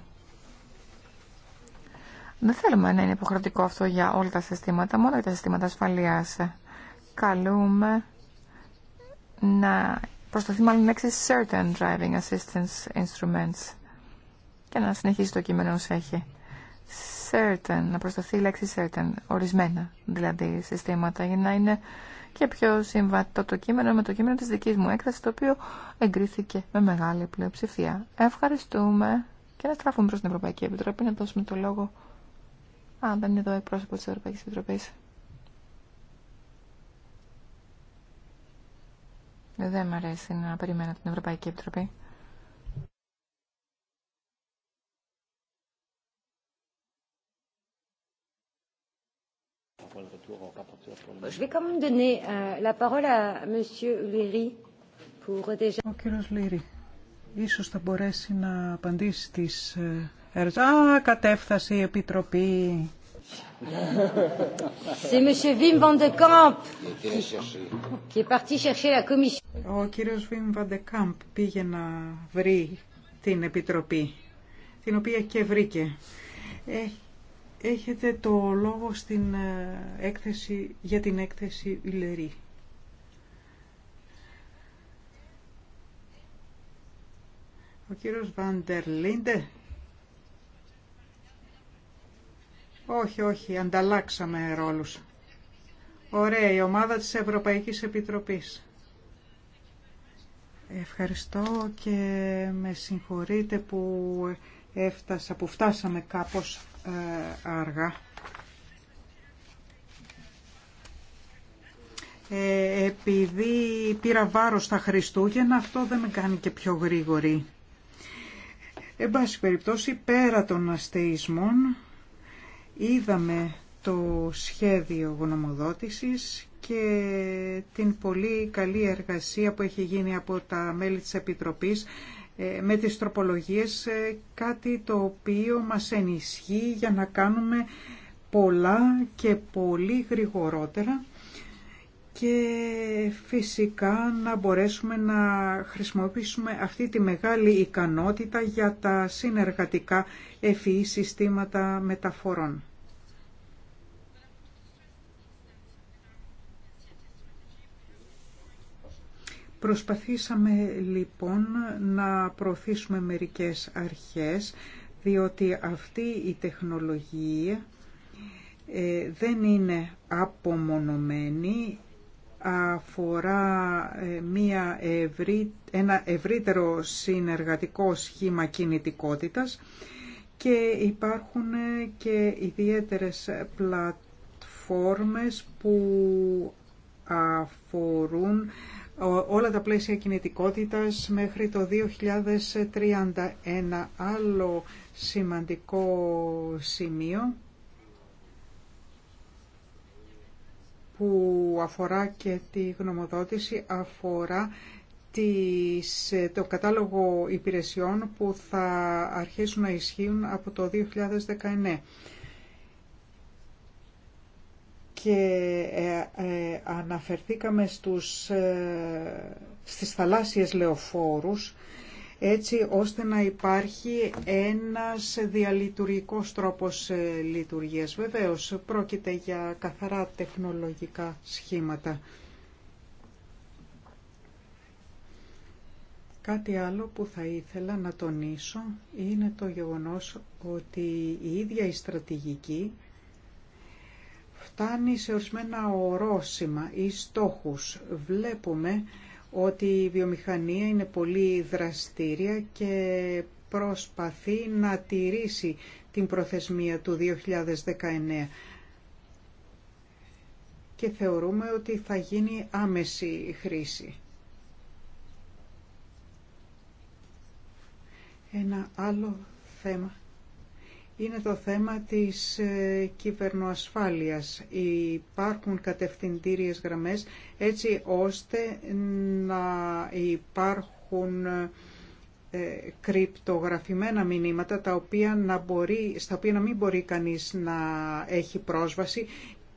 Δεν θέλουμε να είναι υποχρεωτικό αυτό για όλα τα συστήματα, μόνο για τα συστήματα ασφαλείας. Καλούμε να προσταθεί μάλλον λέξη certain driving assistance instruments και να συνεχίσει το κείμενο όσο έχει. Certain, να προσταθεί η λέξη certain, ορισμένα δηλαδή συστήματα, για να είναι και πιο συμβατό το κείμενο με το κείμενο της δικής μου έκθεσης, το οποίο εγκρίθηκε με μεγάλη πλειοψηφία. Ευχαριστούμε και να στραφούμε προς την Ευρωπαϊκή Επιτροπή να δώσουμε το λόγο αν δεν είναι εδώ εκπρόσωπο τη Ευρωπαϊκή Επιτροπή. Ε, δεν μου αρέσει να περιμένω την Ευρωπαϊκή Επιτροπή. Ο κύριος Λύρη ίσως θα μπορέσει να απαντήσει τις ε, Α, κατέφθασε η Επιτροπή. Ο κύριος Βιμ Βαντεκάμπ πήγε να βρει την Επιτροπή, την οποία και βρήκε. Ε, έχετε το λόγο στην ε, έκθεση, για την έκθεση Λερή. Ο κύριος Βαντερλίντε. Όχι, όχι, ανταλλάξαμε ρόλους. Ωραία, η ομάδα της Ευρωπαϊκής Επιτροπής. Ευχαριστώ και με συγχωρείτε που έφτασα, που φτάσαμε κάπως ε, αργά. Ε, επειδή πήρα βάρος στα Χριστούγεννα, αυτό δεν με κάνει και πιο γρήγορη. Εν πάση περιπτώσει, πέρα των αστεϊσμών, Είδαμε το σχέδιο γνωμοδότησης και την πολύ καλή εργασία που έχει γίνει από τα μέλη της Επιτροπής ε, με τις τροπολογίες, ε, κάτι το οποίο μας ενισχύει για να κάνουμε πολλά και πολύ γρηγορότερα και φυσικά να μπορέσουμε να χρησιμοποιήσουμε αυτή τη μεγάλη ικανότητα για τα συνεργατικά ευφυή συστήματα μεταφορών. Προσπαθήσαμε λοιπόν να προωθήσουμε μερικές αρχές, διότι αυτή η τεχνολογία ε, δεν είναι απομονωμένη, αφορά ε, μια ένα ευρύτερο συνεργατικό σχήμα κινητικότητας και υπάρχουν ε, και ιδιαίτερες πλατφόρμες που αφορούν όλα τα πλαίσια κινητικότητας μέχρι το 2031. άλλο σημαντικό σημείο που αφορά και τη γνωμοδότηση αφορά τις, το κατάλογο υπηρεσιών που θα αρχίσουν να ισχύουν από το 2019 και ε, ε, αναφερθήκαμε στους, ε, στις θαλάσσιες λεωφόρους έτσι ώστε να υπάρχει ένας διαλειτουργικός τρόπος λειτουργίας. Βεβαίως, πρόκειται για καθαρά τεχνολογικά σχήματα. Κάτι άλλο που θα ήθελα να τονίσω είναι το γεγονός ότι η ίδια η στρατηγική φτάνει σε ορισμένα ορόσημα ή στόχους. Βλέπουμε ότι η βιομηχανία είναι πολύ δραστήρια και προσπαθεί να τηρήσει την προθεσμία του 2019 και θεωρούμε ότι θα γίνει άμεση χρήση. Ένα άλλο θέμα είναι το θέμα της ε, κυβερνοασφάλειας. Υπάρχουν κατευθυντήριες γραμμές έτσι ώστε να υπάρχουν ε, κρυπτογραφημένα μηνύματα τα οποία να μπορεί, στα οποία να μην μπορεί κανείς να έχει πρόσβαση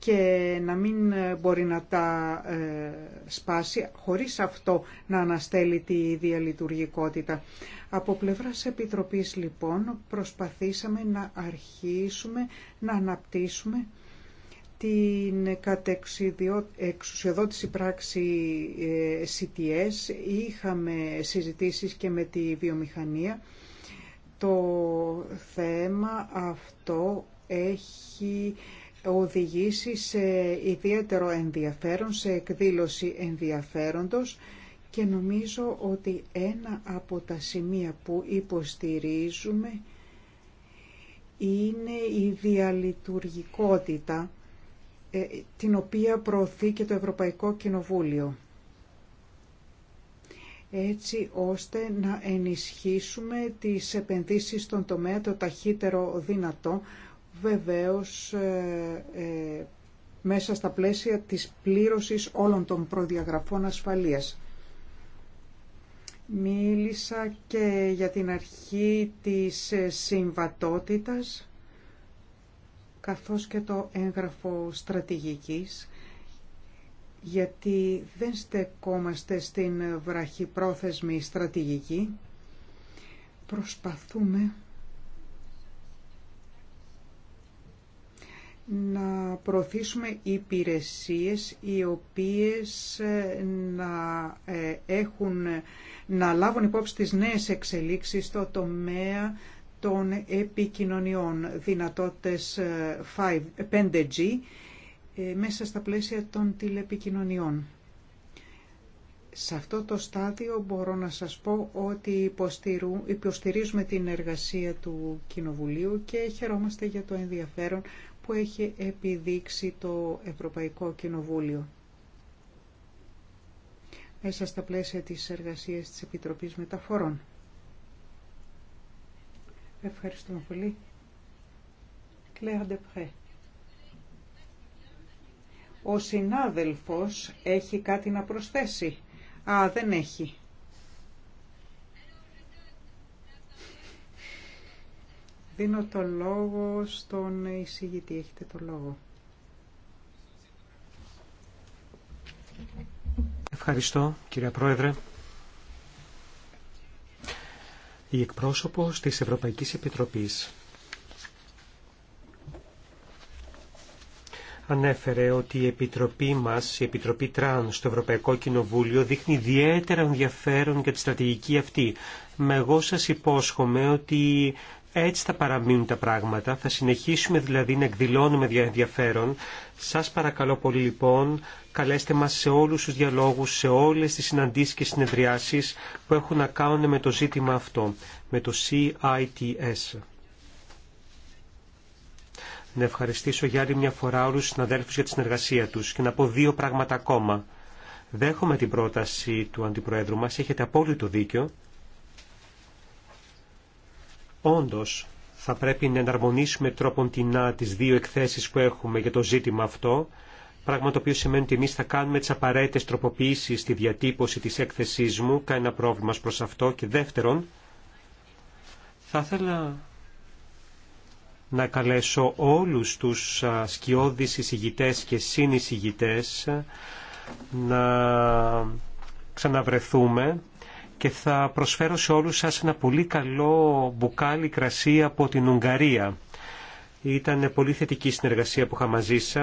και να μην ε, μπορεί να τα ε, σπάσει χωρίς αυτό να αναστέλει τη διαλειτουργικότητα. Από πλευράς Επιτροπής λοιπόν προσπαθήσαμε να αρχίσουμε να αναπτύσσουμε την κατεξουσιοδότηση πράξη ε, CTS. Είχαμε συζητήσεις και με τη βιομηχανία. Το θέμα αυτό έχει οδηγήσει σε ιδιαίτερο ενδιαφέρον, σε εκδήλωση ενδιαφέροντος και νομίζω ότι ένα από τα σημεία που υποστηρίζουμε είναι η διαλειτουργικότητα ε, την οποία προωθεί και το Ευρωπαϊκό Κοινοβούλιο έτσι ώστε να ενισχύσουμε τις επενδύσεις στον τομέα το ταχύτερο δυνατό βεβαίως ε, ε, μέσα στα πλαίσια της πλήρωσης όλων των προδιαγραφών ασφαλείας. Μίλησα και για την αρχή της ε, συμβατότητας καθώς και το έγγραφο στρατηγικής γιατί δεν στεκόμαστε στην βραχυπρόθεσμη στρατηγική. Προσπαθούμε να προωθήσουμε υπηρεσίες οι οποίες ε, να ε, έχουν να λάβουν υπόψη τις νέες εξελίξεις στο τομέα των επικοινωνιών, δυνατότητες 5G ε, μέσα στα πλαίσια των τηλεπικοινωνιών. Σε αυτό το στάδιο μπορώ να σας πω ότι υποστηρίζουμε την εργασία του Κοινοβουλίου και χαιρόμαστε για το ενδιαφέρον που έχει επιδείξει το Ευρωπαϊκό Κοινοβούλιο. Μέσα στα πλαίσια της εργασίας της Επιτροπής Μεταφορών. Ευχαριστούμε πολύ. Claire Ο συνάδελφος έχει κάτι να προσθέσει. Α, δεν έχει. Δίνω το λόγο στον εισηγητή. Έχετε το λόγο. Ευχαριστώ, κυρία Πρόεδρε. Η εκπρόσωπος της Ευρωπαϊκής Επιτροπής ανέφερε ότι η Επιτροπή μας, η Επιτροπή Τραν στο Ευρωπαϊκό Κοινοβούλιο δείχνει ιδιαίτερα ενδιαφέρον για τη στρατηγική αυτή. Με εγώ σας υπόσχομαι ότι έτσι θα παραμείνουν τα πράγματα, θα συνεχίσουμε δηλαδή να εκδηλώνουμε ενδιαφέρον. Σας παρακαλώ πολύ λοιπόν, καλέστε μας σε όλους τους διαλόγους, σε όλες τις συναντήσεις και συνεδριάσεις που έχουν να κάνουν με το ζήτημα αυτό, με το CITS. Να ευχαριστήσω για άλλη μια φορά όλους τους συναδέλφους για τη συνεργασία τους και να πω δύο πράγματα ακόμα. Δέχομαι την πρόταση του Αντιπροέδρου μας, έχετε απόλυτο δίκιο, Όντως, θα πρέπει να εναρμονίσουμε τρόπον τεινά τις δύο εκθέσεις που έχουμε για το ζήτημα αυτό, πράγμα το οποίο σημαίνει ότι εμείς θα κάνουμε τις απαραίτητες τροποποιήσεις στη διατύπωση της έκθεσής μου, κανένα πρόβλημα προς αυτό. Και δεύτερον, θα ήθελα να καλέσω όλους τους σκιώδεις εισηγητές και συνεισηγητές να ξαναβρεθούμε και θα προσφέρω σε όλους σας ένα πολύ καλό μπουκάλι κρασί από την Ουγγαρία ήταν πολύ θετική συνεργασία που είχα μαζί σα.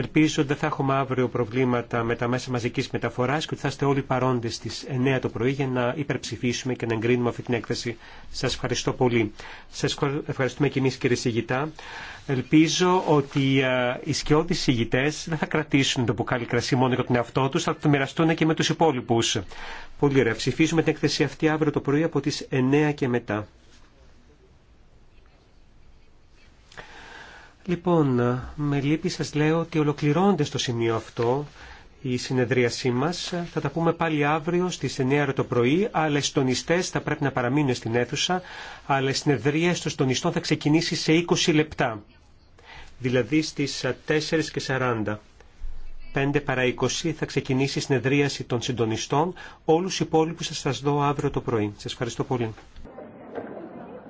Ελπίζω ότι δεν θα έχουμε αύριο προβλήματα με τα μέσα μαζική μεταφορά και ότι θα είστε όλοι παρόντες στι 9 το πρωί για να υπερψηφίσουμε και να εγκρίνουμε αυτή την έκθεση. Σα ευχαριστώ πολύ. Σα ευχαριστούμε και εμεί, κύριε Σιγητά. Ελπίζω ότι οι σκιώδεις συγητές δεν θα κρατήσουν το μπουκάλι κρασί μόνο για τον εαυτό του, θα το μοιραστούν και με του υπόλοιπου. Πολύ ωραία. Ψηφίζουμε την έκθεση αυτή αύριο το πρωί από τι 9 και μετά. Λοιπόν, με λύπη σας λέω ότι ολοκληρώνεται στο σημείο αυτό η συνεδρίασή μας. Θα τα πούμε πάλι αύριο στις 9 το πρωί, αλλά οι στονιστές θα πρέπει να παραμείνουν στην αίθουσα, αλλά η συνεδρία των στονιστών θα ξεκινήσει σε 20 λεπτά, δηλαδή στις 40. 5 παρά 20 θα ξεκινήσει η συνεδρίαση των συντονιστών. Όλους οι υπόλοιπους θα σας δω αύριο το πρωί. Σας ευχαριστώ πολύ.